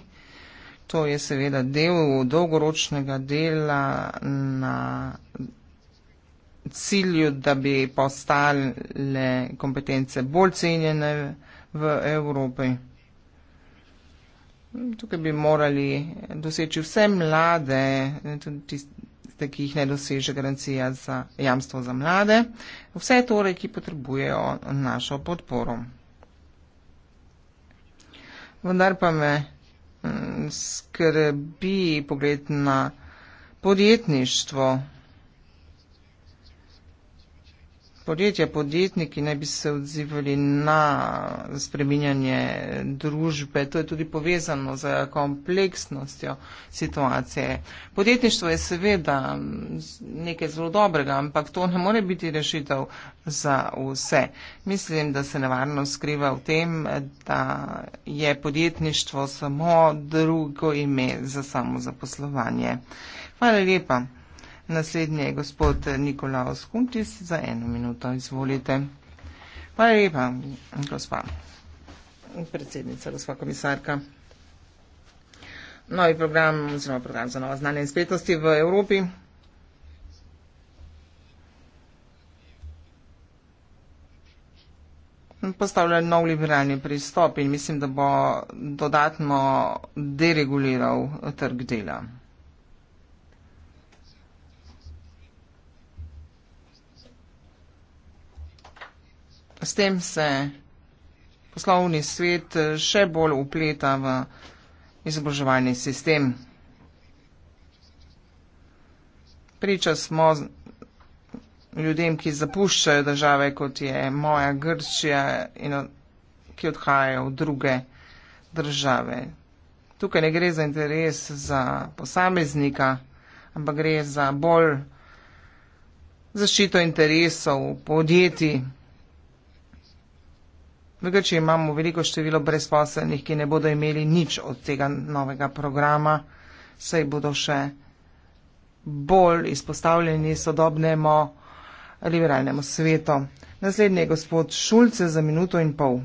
Speaker 3: to je seveda del dolgoročnega dela na cilju, da bi postale kompetence bolj cenjene v Evropi. Tukaj bi morali doseči vse mlade, tudi tiste, ki jih ne doseže garancija za jamstvo za mlade, vse torej, ki potrebujejo našo podporo. Vendar pa me skrbi pogled na podjetništvo, Podjetja, podjetniki naj bi se odzivali na spreminjanje družbe. To je tudi povezano z kompleksnostjo situacije. Podjetništvo je seveda nekaj zelo dobrega, ampak to ne more biti rešitev za vse. Mislim, da se nevarno skriva v tem, da je podjetništvo samo drugo ime za samozaposlovanje. Hvala lepa. Naslednji je gospod Nikolaus Kumčis za eno minuto. Izvolite. Hvala lepa, gospa. Predsednica, gospa komisarka. Novi program, oziroma program za novo znanje in spletnosti v Evropi. postavlja nov liberalni pristop in mislim, da bo dodatno dereguliral trg dela. S tem se poslovni svet eh, še bolj upleta v izobraževalni sistem. Priča smo ljudem, ki zapuščajo države, kot je moja Grčija in ki odhajajo v druge države. Tukaj ne gre za interes za posameznika, ampak gre za bolj zaščito interesov podjetij. V Grčiji imamo veliko število brezposelnih, ki ne bodo imeli nič od tega novega programa, saj bodo še bolj izpostavljeni sodobnemu liberalnemu svetu. Naslednji je gospod Šulce za minuto in pol.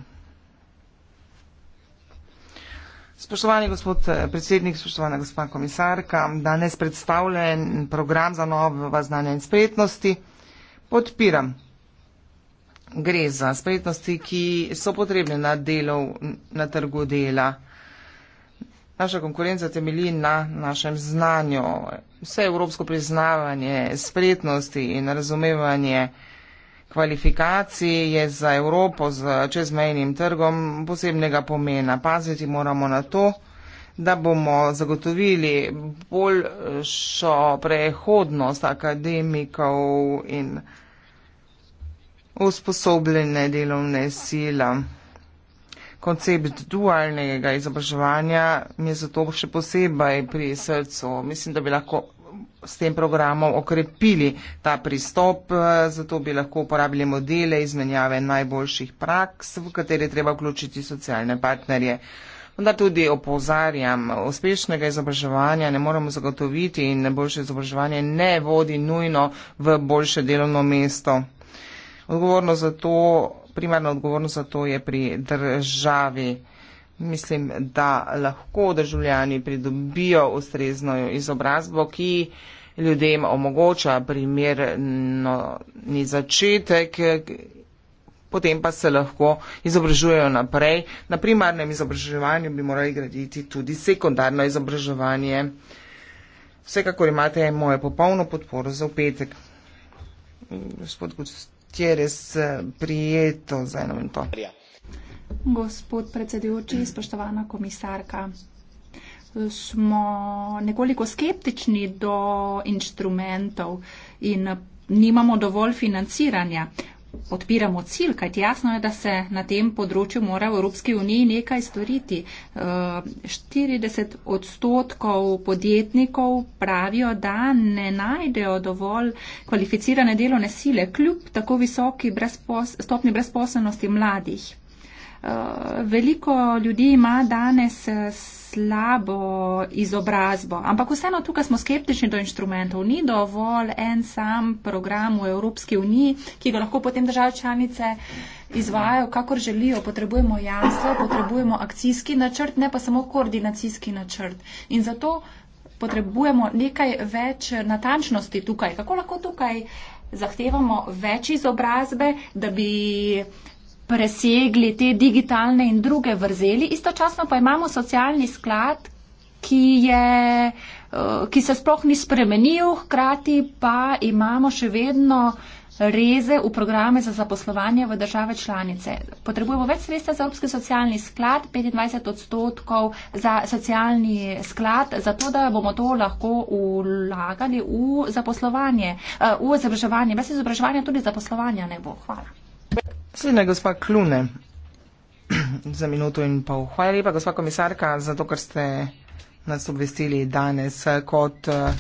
Speaker 3: Spoštovani gospod eh, predsednik, spoštovana gospa komisarka, danes predstavljen program za nove znanje in spretnosti. Podpiram gre za spretnosti, ki so potrebne na delov, na trgu dela. Naša konkurenca temelji na našem znanju. Vse evropsko priznavanje spretnosti in razumevanje kvalifikacij je za Evropo z čezmejnim trgom posebnega pomena. Paziti moramo na to, da bomo zagotovili boljšo prehodnost akademikov in usposobljene delovne sile. Koncept dualnega izobraževanja mi je zato še posebej pri srcu. Mislim, da bi lahko s tem programom okrepili ta pristop, zato bi lahko uporabili modele izmenjave najboljših praks, v katere treba vključiti socialne partnerje. Da tudi opozarjam, uspešnega izobraževanja ne moramo zagotoviti in boljše izobraževanje ne vodi nujno v boljše delovno mesto. Odgovornost za to, primarna odgovornost za to je pri državi. Mislim, da lahko državljani pridobijo ustrezno izobrazbo, ki ljudem omogoča primerno ni začetek, potem pa se lahko izobražujejo naprej. Na primarnem izobraževanju bi morali graditi tudi sekundarno izobraževanje. Vsekakor imate moje popolno podporo za upetek. Gospod Gustav ti je res eh, prijeto za eno minuto.
Speaker 2: Gospod predsedujoči, spoštovana komisarka, smo nekoliko skeptični do inštrumentov in nimamo dovolj financiranja podpiramo cilj, kajti jasno je, da se na tem področju mora v Evropski uniji nekaj storiti. 40 eh, odstotkov podjetnikov pravijo, da ne najdejo dovolj kvalificirane delovne sile, kljub tako visoki brezpos stopni brezposobnosti mladih. Eh, veliko ljudi ima danes slabo izobrazbo. Ampak vseeno tukaj smo skeptični do inštrumentov. Ni dovolj en sam program v Evropski uniji, ki ga lahko potem države članice izvajo, kakor želijo. Potrebujemo jasno, potrebujemo akcijski načrt, ne pa samo koordinacijski načrt. In zato potrebujemo nekaj več natančnosti tukaj. Kako lahko tukaj zahtevamo več izobrazbe, da bi presegli te digitalne in druge vrzeli, istočasno pa imamo socialni sklad, ki, je, eh, ki se sploh ni spremenil, hkrati pa imamo še vedno reze v programe za zaposlovanje v države članice. Potrebujemo več sredstva za Evropski socialni sklad, 25 odstotkov za socialni sklad, zato da bomo to lahko vlagali v zaposlovanje, eh, v izobraževanje. Brez izobraževanja tudi zaposlovanja ne bo. Hvala.
Speaker 3: Sledna gospa Klune za minuto in pol. Hvala lepa, gospa komisarka, za to, kar ste nas obvestili danes. Kot eh,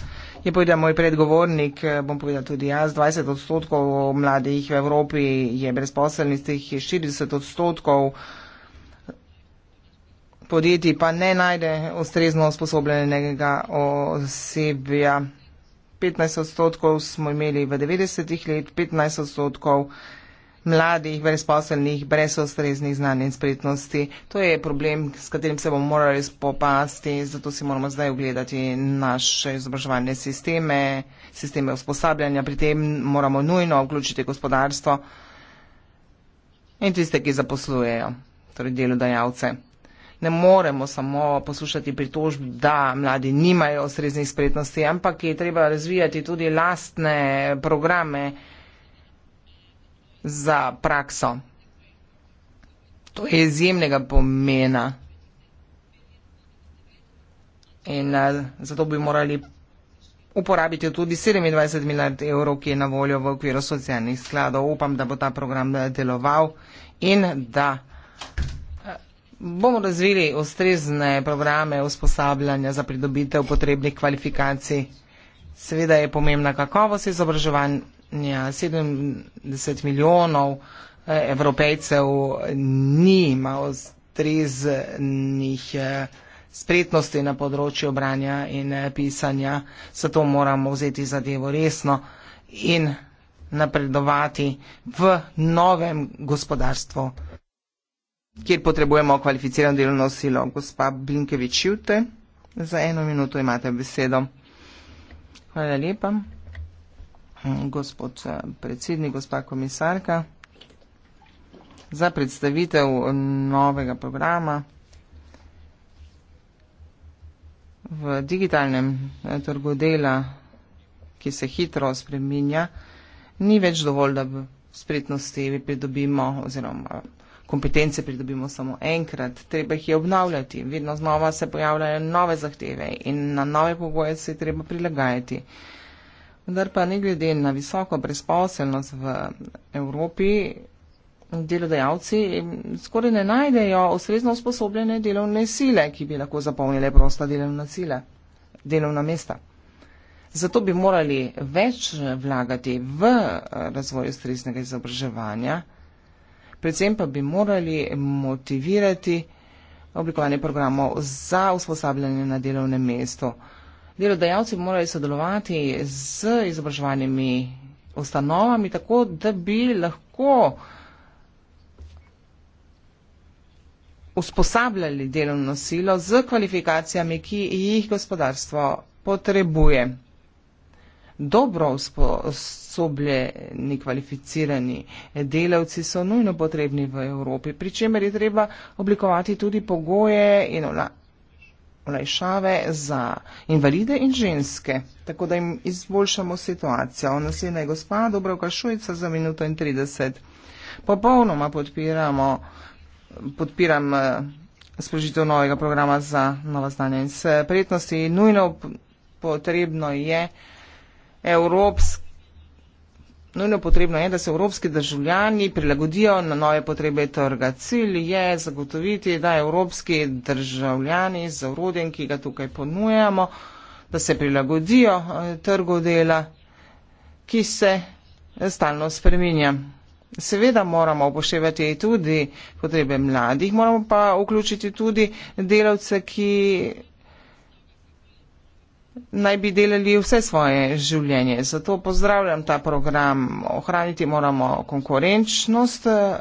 Speaker 3: je povedal moj predgovornik, eh, bom povedal tudi jaz, 20 odstotkov mladih v Evropi je brezposelnih, teh je 40 odstotkov podjetij pa ne najde ustrezno usposobljenega osebja. 15 odstotkov smo imeli v 90-ih let, 15 odstotkov mladih, brezposelnih, brez ustreznih znanj in spretnosti. To je problem, s katerim se bomo morali spopasti, zato si moramo zdaj ogledati naše izobraževalne sisteme, sisteme usposabljanja, pri tem moramo nujno vključiti gospodarstvo in tiste, ki zaposlujejo, torej delodajalce. Ne moremo samo poslušati pritožb, da mladi nimajo ustreznih spretnosti, ampak je treba razvijati tudi lastne programe, za prakso. To je izjemnega pomena. In eh, zato bi morali uporabiti tudi 27 milijard evrov, ki je na voljo v okviru socialnih skladov. Upam, da bo ta program eh, deloval in da eh, bomo razvili ustrezne programe usposabljanja za pridobitev potrebnih kvalifikacij. Seveda je pomembna kakovost izobraževanja. Ja, 70 milijonov eh, evropejcev nima ustreznih eh, spretnosti na področju branja in eh, pisanja, zato moramo vzeti zadevo resno in napredovati v novem gospodarstvu, kjer potrebujemo kvalificirano delovno silo. Gospa Blinkevič, jute, za eno minuto imate besedo. Hvala lepa gospod eh, predsednik, gospa komisarka, za predstavitev novega programa v digitalnem eh, trgu dela, ki se hitro spreminja, ni več dovolj, da v spretnosti pridobimo oziroma kompetence pridobimo samo enkrat, treba jih je obnavljati. Vedno znova se pojavljajo nove zahteve in na nove pogoje se je treba prilagajati. Vendar pa ne glede na visoko brezposelnost v Evropi, delodajalci skoraj ne najdejo ustrezno usposobljene delovne sile, ki bi lahko zapolnile prosta delovna sila, delovna mesta. Zato bi morali več vlagati v eh, razvoj ustreznega izobraževanja, predvsem pa bi morali motivirati oblikovanje programov za usposabljanje na delovnem mestu delodajalci morali sodelovati z izobraževanimi ustanovami, tako da bi lahko usposabljali delovno silo z kvalifikacijami, ki jih gospodarstvo potrebuje. Dobro usposobljeni, kvalificirani delavci so nujno potrebni v Evropi, pri čemer je treba oblikovati tudi pogoje in olajšave za invalide in ženske, tako da jim izboljšamo situacijo. Naslednja je gospa Dobroka Šujica za minuto in 30. Popolnoma podpiramo, podpiram eh, sprožitev novega programa za nova znanja in se prednosti. Nujno potrebno je evropske. Nujno potrebno je, da se evropski državljani prilagodijo na nove potrebe trga. Cilj je zagotoviti, da evropski državljani z urodjem, ki ga tukaj ponujamo, da se prilagodijo eh, trgu dela, ki se eh, stalno spreminja. Seveda moramo upoštevati tudi potrebe mladih, moramo pa vključiti tudi delavce, ki naj bi delali vse svoje življenje. Zato pozdravljam ta program. Ohraniti moramo konkurenčnost eh,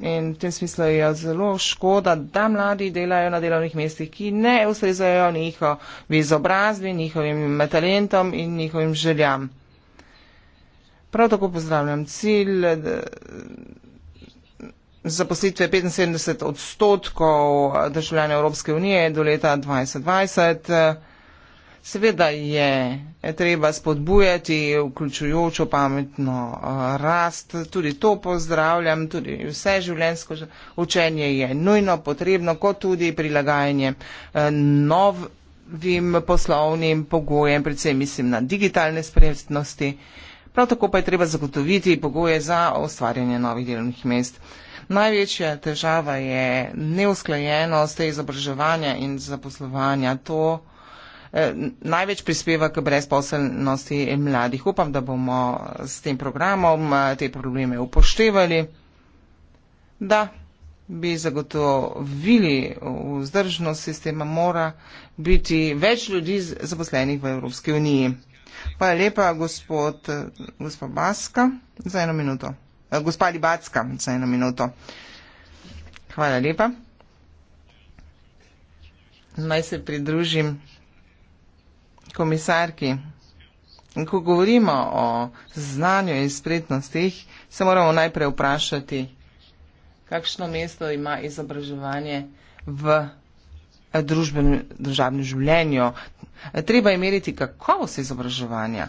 Speaker 3: in v tem smislu je zelo škoda, da mladi delajo na delovnih mestih, ki ne ustrezajo njihovi izobrazbi, njihovim talentom in njihovim željam. Prav tako pozdravljam cilj eh, zaposlitve 75 odstotkov eh, državljanov Evropske unije do leta 2020. Seveda je treba spodbujati vključujočo pametno eh, rast, tudi to pozdravljam, tudi vse življensko učenje je nujno potrebno, kot tudi prilagajanje eh, novim poslovnim pogojem, predvsem mislim na digitalne spretnosti. Prav tako pa je treba zagotoviti pogoje za ustvarjanje novih delovnih mest. Največja težava je neusklajenost izobraževanja in zaposlovanja. To Eh, največ prispeva k brezposelnosti mladih. Upam, da bomo s tem programom eh, te probleme upoštevali, da bi zagotovili vzdržnost sistema, mora biti več ljudi zaposlenih v Evropski uniji. Pa je lepa gospod, gospod Baska za eno minuto. Eh, gospa Libacka za eno minuto. Hvala lepa. Naj se pridružim komisarki. In ko govorimo o znanju in spretnostih, se moramo najprej vprašati, kakšno mesto ima izobraževanje v eh, družbenem državnem življenju. Treba je meriti kakovost izobraževanja.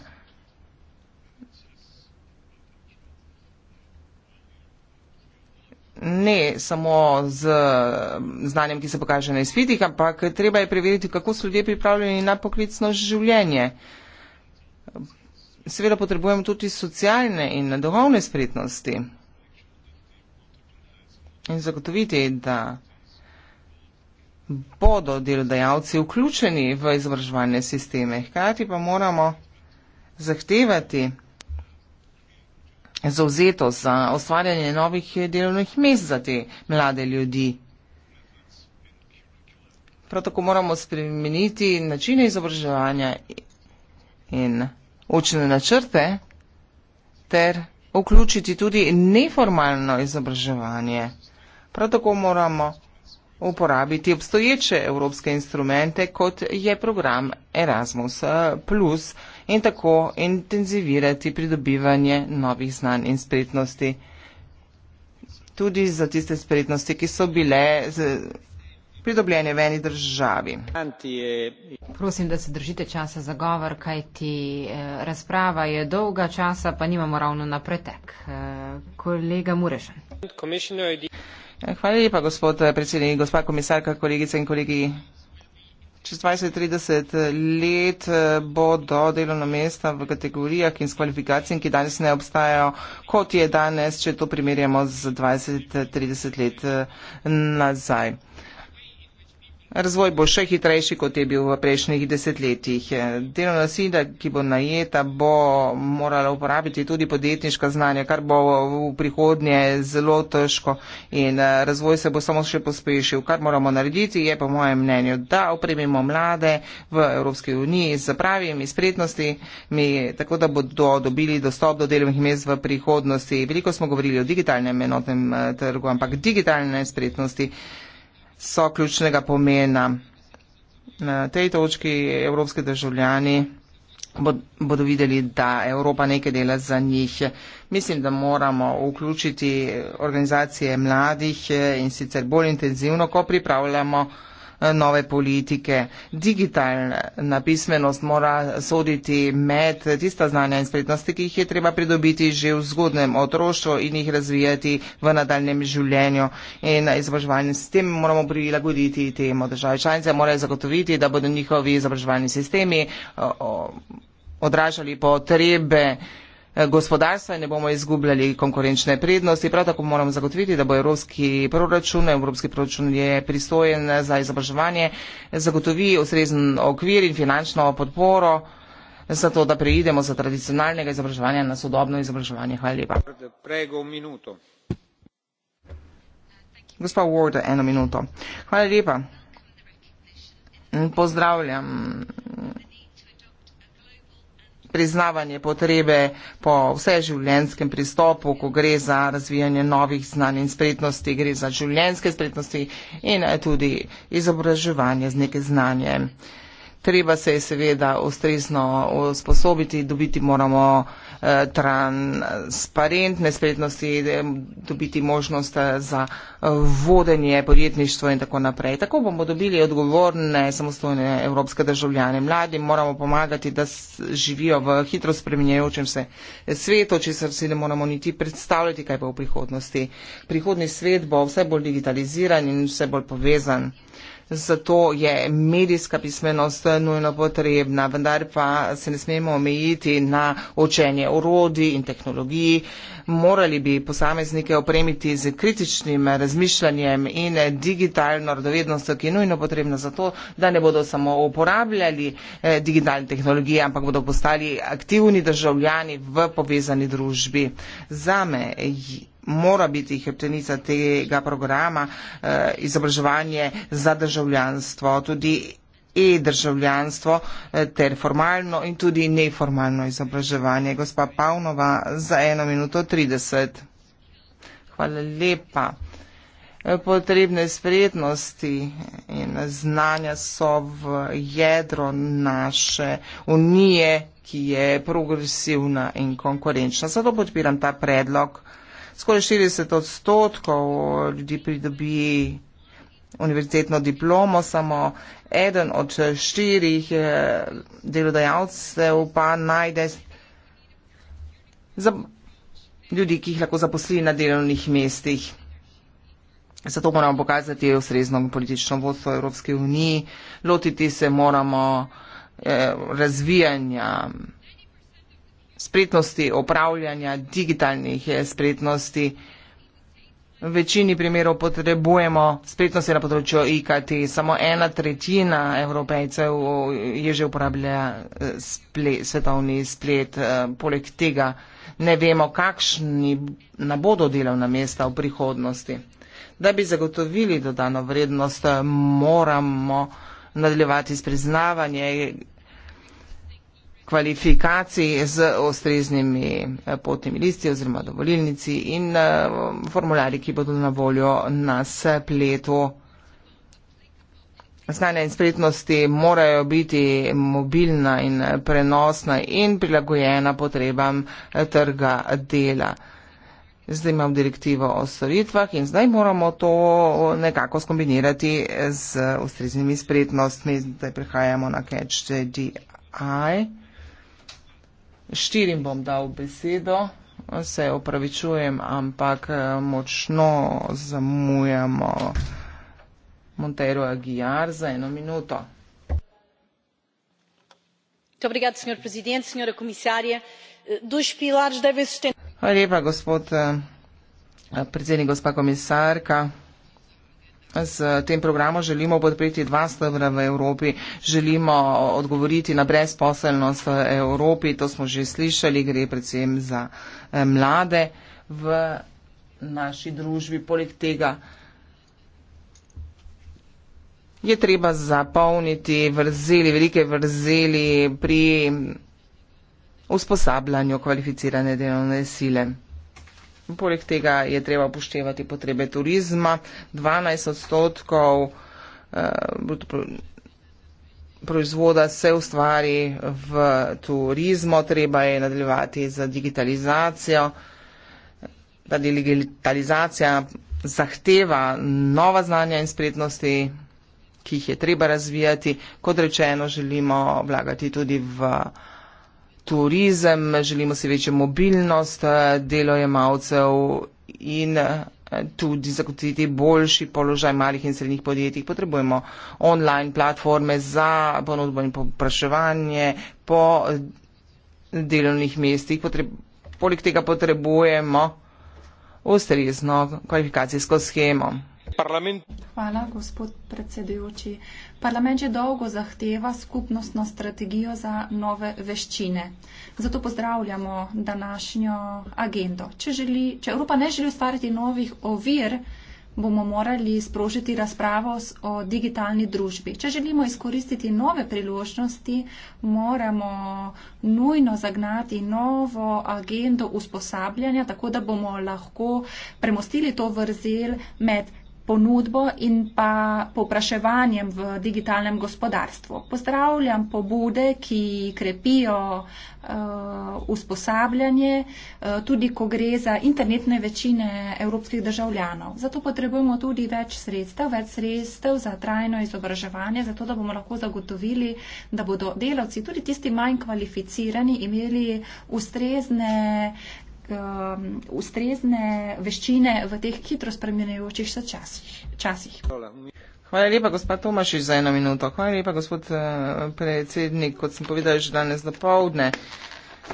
Speaker 3: ne samo z znanjem, ki se pokaže na izpitih, ampak treba je preveriti, kako so ljudje pripravljeni na poklicno življenje. Seveda potrebujemo tudi socialne in duhovne spretnosti in zagotoviti, da bodo delodajalci vključeni v izobraževalne sisteme. Hkrati pa moramo zahtevati, zauzeto za ustvarjanje novih delovnih mest za te mlade ljudi. Prav tako moramo spremeniti načine izobraževanja in učne načrte ter vključiti tudi neformalno izobraževanje. Prav tako moramo uporabiti obstoječe evropske instrumente, kot je program Erasmus eh, Plus in tako intenzivirati pridobivanje novih znanj in spretnosti. Tudi za tiste spretnosti, ki so bile pridobljene v eni državi.
Speaker 1: Prosim, da se držite časa za govor, kajti eh, razprava je dolga časa, pa nimamo ravno na pretek. Eh, kolega Murešen.
Speaker 3: Hvala lepa, gospod predsednik, gospa komisarka, kolegice in kolegi. Čez 20-30 let eh, bodo delovno mesta v kategorijah in s kvalifikacijami, ki danes ne obstajajo, kot je danes, če to primerjamo z 20-30 let eh, nazaj. Razvoj bo še hitrejši, kot je bil v prejšnjih desetletjih. Delovna sila, ki bo najeta, bo morala uporabiti tudi podjetniška znanja, kar bo v prihodnje zelo težko in eh, razvoj se bo samo še pospešil. Kar moramo narediti, je po mojem mnenju, da opremimo mlade v Evropski uniji z pravimi spretnostmi, tako da bodo dobili dostop do delovnih mest v prihodnosti. Veliko smo govorili o digitalnem enotnem eh, trgu, ampak digitalne spretnosti so ključnega pomena. Na tej točki evropski državljani bodo videli, da Evropa nekaj dela za njih. Mislim, da moramo vključiti organizacije mladih in sicer bolj intenzivno, ko pripravljamo Eh, nove politike. Digitalna pismenost mora soditi med tista znanja in spretnosti, ki jih je treba pridobiti že v zgodnem otroštvu in jih razvijati v nadaljem življenju. In izobraževalni sistem moramo prilagoditi temu. Države članice morajo zagotoviti, da bodo njihovi izobraževalni sistemi eh, odražali potrebe. Eh, gospodarstva in ne bomo izgubljali konkurenčne prednosti. Prav tako moramo zagotoviti, da bo evropski proračun, evropski proračun je pristojen za izobraževanje, zagotovi ustrezen okvir in finančno podporo za to, da preidemo za tradicionalnega izobraževanja na sodobno izobraževanje. Hvala lepa. Gospa Ward, eno minuto. Hvala lepa. Pozdravljam priznavanje potrebe po vseživljenjskem pristopu, ko gre za razvijanje novih znanj in spretnosti, gre za življenjske spretnosti in eh, tudi izobraževanje z neke znanje. Treba se je seveda ustrezno usposobiti, dobiti moramo Eh, transparentne spletnosti, dobiti možnost eh, za eh, vodenje podjetništva in tako naprej. Tako bomo dobili odgovorne, samostojne evropske državljane. Mladim moramo pomagati, da živijo v hitro spremenjajočem se svetu, če se ne moramo niti predstavljati, kaj bo v prihodnosti. Prihodni svet bo vse bolj digitaliziran in vse bolj povezan. Zato je medijska pismenost nujno potrebna, vendar pa se ne smemo omejiti na učenje urodij in tehnologiji. Morali bi posameznike opremiti z kritičnim razmišljanjem in digitalno radovednostjo, ki je nujno potrebna zato, da ne bodo samo uporabljali eh, digitalne tehnologije, ampak bodo postali aktivni državljani v povezani družbi. Zame mora biti hrbtenica tega programa eh, izobraževanje za državljanstvo, tudi e-državljanstvo eh, ter formalno in tudi neformalno izobraževanje. Gospa Pavnova, za eno minuto 30. Hvala lepa. Eh, potrebne spretnosti in znanja so v jedro naše unije, ki je progresivna in konkurenčna. Zato podpiram ta predlog skoraj 40 odstotkov ljudi pridobi univerzitetno diplomo, samo eden od štirih eh, delodajalcev pa najde za ljudi, ki jih lahko zaposli na delovnih mestih. Zato moramo pokazati ustrezno politično vodstvo Evropske unije, lotiti se moramo eh, razvijanja spretnosti upravljanja, digitalnih eh, spretnosti. V večini primerov potrebujemo spretnosti na področju IKT. Samo ena tretjina evropejcev je že uporabljala eh, svetovni splet. Eh, poleg tega ne vemo, kakšni na bodo delovna mesta v prihodnosti. Da bi zagotovili dodano vrednost, moramo nadaljevati s priznavanjem kvalifikacij z ustreznimi eh, potnimi listi oziroma dovolilnici in eh, formulari, ki bodo na voljo na spletu. Znanja in spretnosti morajo biti mobilna in eh, prenosna in prilagojena potrebam trga dela. Zdaj imam direktivo o storitvah in zdaj moramo to nekako skombinirati z ustreznimi spretnostmi. Zdaj prihajamo na catch the eye. Štirim bom dal besedo, se opravičujem, ampak eh, močno zamujamo Montero Aguiar za eno minuto. Eh, Hvala lepa, gospod eh, predsednik, gospa komisarka. S tem programom želimo podpreti dva stebra v Evropi, želimo odgovoriti na brezposelnost v Evropi, to smo že slišali, gre predvsem za eh, mlade v naši družbi. Poleg tega je treba zapolniti vrzeli, velike vrzeli pri usposabljanju kvalificirane delovne sile. Poleg tega je treba upoštevati potrebe turizma. 12 odstotkov eh, proizvoda se ustvari v turizmu, treba je nadaljevati za digitalizacijo. Ta digitalizacija zahteva nova znanja in spretnosti, ki jih je treba razvijati. Kot rečeno, želimo vlagati tudi v turizem, želimo si večjo mobilnost eh, delojemalcev in eh, tudi zagotoviti boljši položaj malih in srednjih podjetij. Potrebujemo online platforme za ponudbo in popraševanje po eh, delovnih mestih. Potreb, poleg tega potrebujemo ustrezno kvalifikacijsko schemo
Speaker 2: parlament. Hvala, gospod predsedujoči. Parlament že dolgo zahteva skupnostno strategijo za nove veščine. Zato pozdravljamo današnjo agendo. Če, želi, če Evropa ne želi ustvariti novih ovir, bomo morali sprožiti razpravo o digitalni družbi. Če želimo izkoristiti nove priložnosti, moramo nujno zagnati novo agendo usposabljanja, tako da bomo lahko premostili to vrzel med ponudbo in pa popraševanjem v digitalnem gospodarstvu. Pozdravljam pobude, ki krepijo uh, usposabljanje, uh, tudi ko gre za internetne večine evropskih državljanov. Zato potrebujemo tudi več sredstev, več sredstev za trajno izobraževanje, zato da bomo lahko zagotovili, da bodo delavci, tudi tisti manj kvalificirani, imeli ustrezne um, ustrezne veščine v teh hitro spremenjajočih se časih. Hvala
Speaker 3: lepa, gospod Tomašič, za eno minuto. Hvala lepa, gospod eh, predsednik, kot sem povedal že danes do povdne,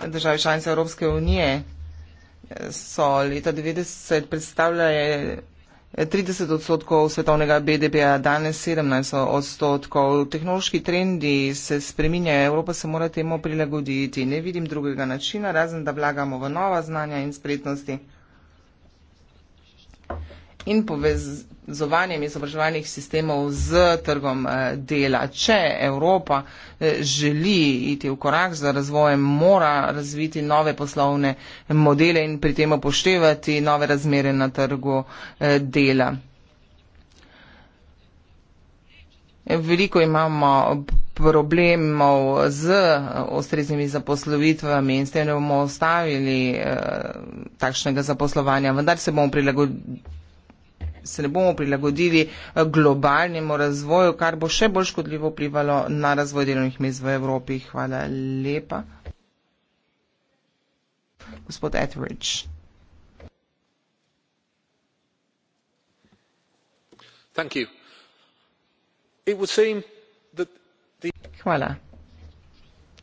Speaker 3: države članice Evropske unije so leta 90 predstavljale 30 odstotkov svetovnega BDP-ja, danes 17 odstotkov. Tehnološki trendi se spreminjajo, Evropa se mora temu prilagoditi. Ne vidim drugega načina, razen da vlagamo v nova znanja in spretnosti in povezovanjem izobraževalnih sistemov z trgom eh, dela. Če Evropa eh, želi iti v korak za razvojem, mora razviti nove poslovne modele in pri tem upoštevati nove razmere na trgu eh, dela. Veliko imamo problemov z ustreznimi zaposlovitvami in s tem ne bomo ostavili eh, takšnega zaposlovanja, vendar se bomo prilagodili se ne bomo prilagodili eh, globalnemu razvoju, kar bo še bolj škodljivo vplivalo na razvoj delovnih mest v Evropi. Hvala lepa. Gospod Etheridge.
Speaker 2: Thank you. It would seem that the...
Speaker 3: Hvala.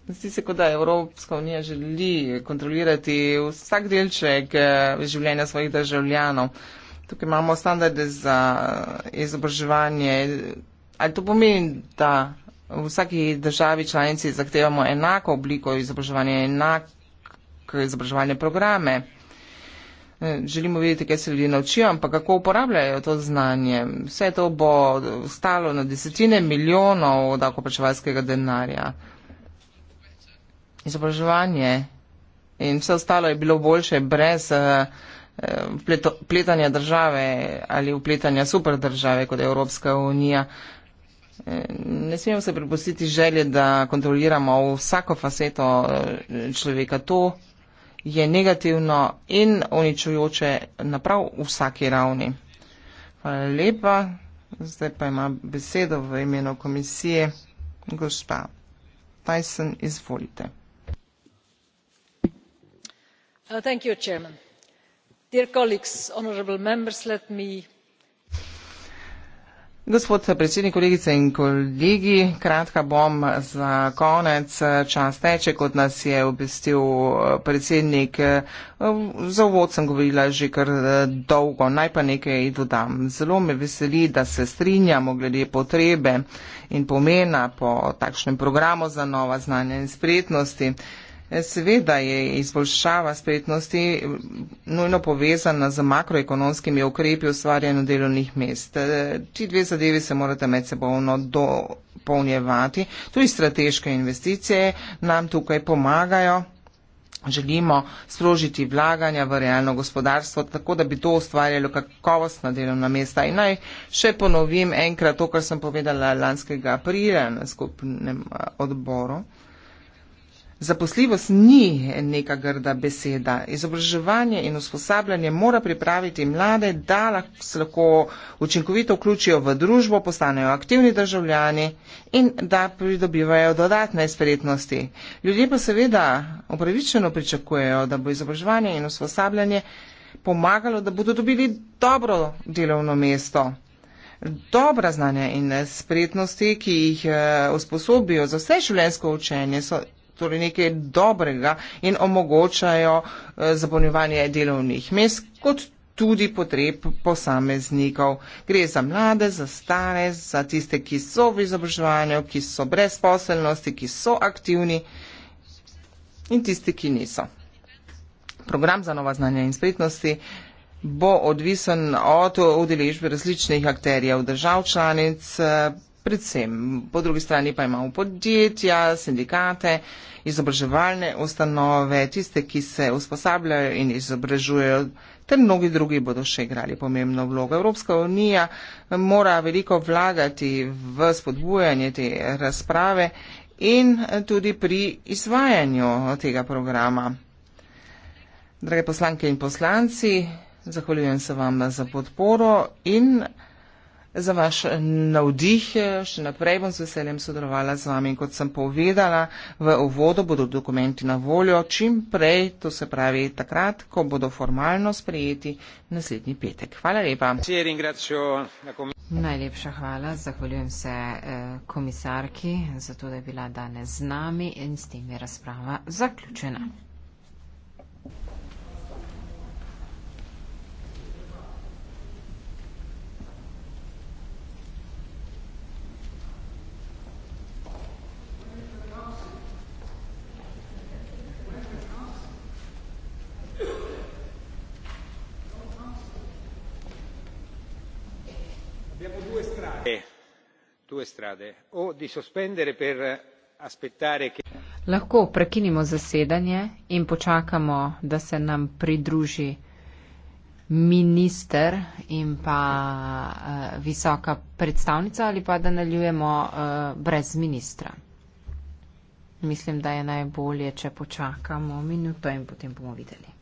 Speaker 3: Zdi se, kot da Evropska unija želi kontrolirati vsak delček eh, življenja svojih državljanov. Tukaj imamo standarde za izobraževanje. Ali to pomeni, da v vsaki državi članici zahtevamo enako obliko izobraževanja, enako izobraževanje programe? Želimo videti, kaj se ljudje naučijo, ampak kako uporabljajo to znanje. Vse to bo stalo na desetine milijonov davkoplačevalskega denarja. Izobraževanje in vse ostalo je bilo boljše brez. Uh, Eh, pletanja države ali upletanja super države, kot je Evropska unija. Eh, ne smemo se prepustiti želje, da kontroliramo vsako faceto eh, človeka. To je negativno in uničujoče na prav vsaki ravni. Hvala lepa. Zdaj pa ima besedo v imenu komisije gospa Tyson. Izvolite.
Speaker 2: Uh, thank you, chairman
Speaker 3: gospod predsednik kolegice in kolegi kratka bom za konec čas teče kot nas je obvestil eh, predsednik eh, za uvod sem govorila že kar eh, dolgo naj pa nekaj dodam zelo me veseli da se strinjamo glede potrebe in pomena po takšnem programu za nova znanja in spretnosti Seveda je izboljšava spretnosti nujno povezana z makroekonomskimi ukrepi ustvarjanja delovnih mest. Ti dve zadevi se morate med sebojno dopolnjevati. Tudi strateške investicije nam tukaj pomagajo. Želimo sprožiti vlaganja v realno gospodarstvo, tako da bi to ustvarjalo kakovostna delovna mesta. In naj še ponovim enkrat to, kar sem povedala lanskega aprila na skupnem eh, odboru. Zaposljivost ni neka grda beseda. Izobraževanje in usposabljanje mora pripraviti mlade, da se lahko učinkovito vključijo v družbo, postanejo aktivni državljani in da pridobivajo dodatne spretnosti. Ljudje pa seveda upravičeno pričakujejo, da bo izobraževanje in usposabljanje pomagalo, da bodo dobili dobro delovno mesto. Dobra znanja in spretnosti, ki jih eh, usposobijo za vse življenjsko učenje, so torej nekaj dobrega in omogočajo eh, zapolnjevanje delovnih mest kot tudi potreb posameznikov. Gre za mlade, za stare, za tiste, ki so v izobraževanju, ki so brezposelnosti, ki so aktivni in tisti, ki niso. Program za nova znanja in spretnosti bo odvisen od udeležbe različnih akterjev držav članic, eh, predvsem. Po drugi strani pa imamo podjetja, sindikate, izobraževalne ustanove, tiste, ki se usposabljajo in izobražujejo, ter mnogi drugi bodo še igrali pomembno vlogo. Evropska unija mora veliko vlagati v spodbujanje te razprave in tudi pri izvajanju tega programa. Drage poslanke in poslanci, zahvaljujem se vam za podporo in za vaš navdih. Eh, še naprej bom z veseljem sodelovala z vami. Kot sem povedala, v uvodu bodo dokumenti na voljo čim prej, to se pravi takrat, ko bodo formalno sprejeti naslednji petek.
Speaker 1: Hvala lepa. Najlepša hvala. Zahvaljujem se eh, komisarki za to, da je bila danes z nami in s tem je razprava zaključena. Lahko prekinimo zasedanje in počakamo, da se nam pridruži minister in pa uh, visoka predstavnica ali pa da naljujemo uh, eh, brez ministra. Mislim, da je najbolje, če počakamo minuto in potem bomo videli.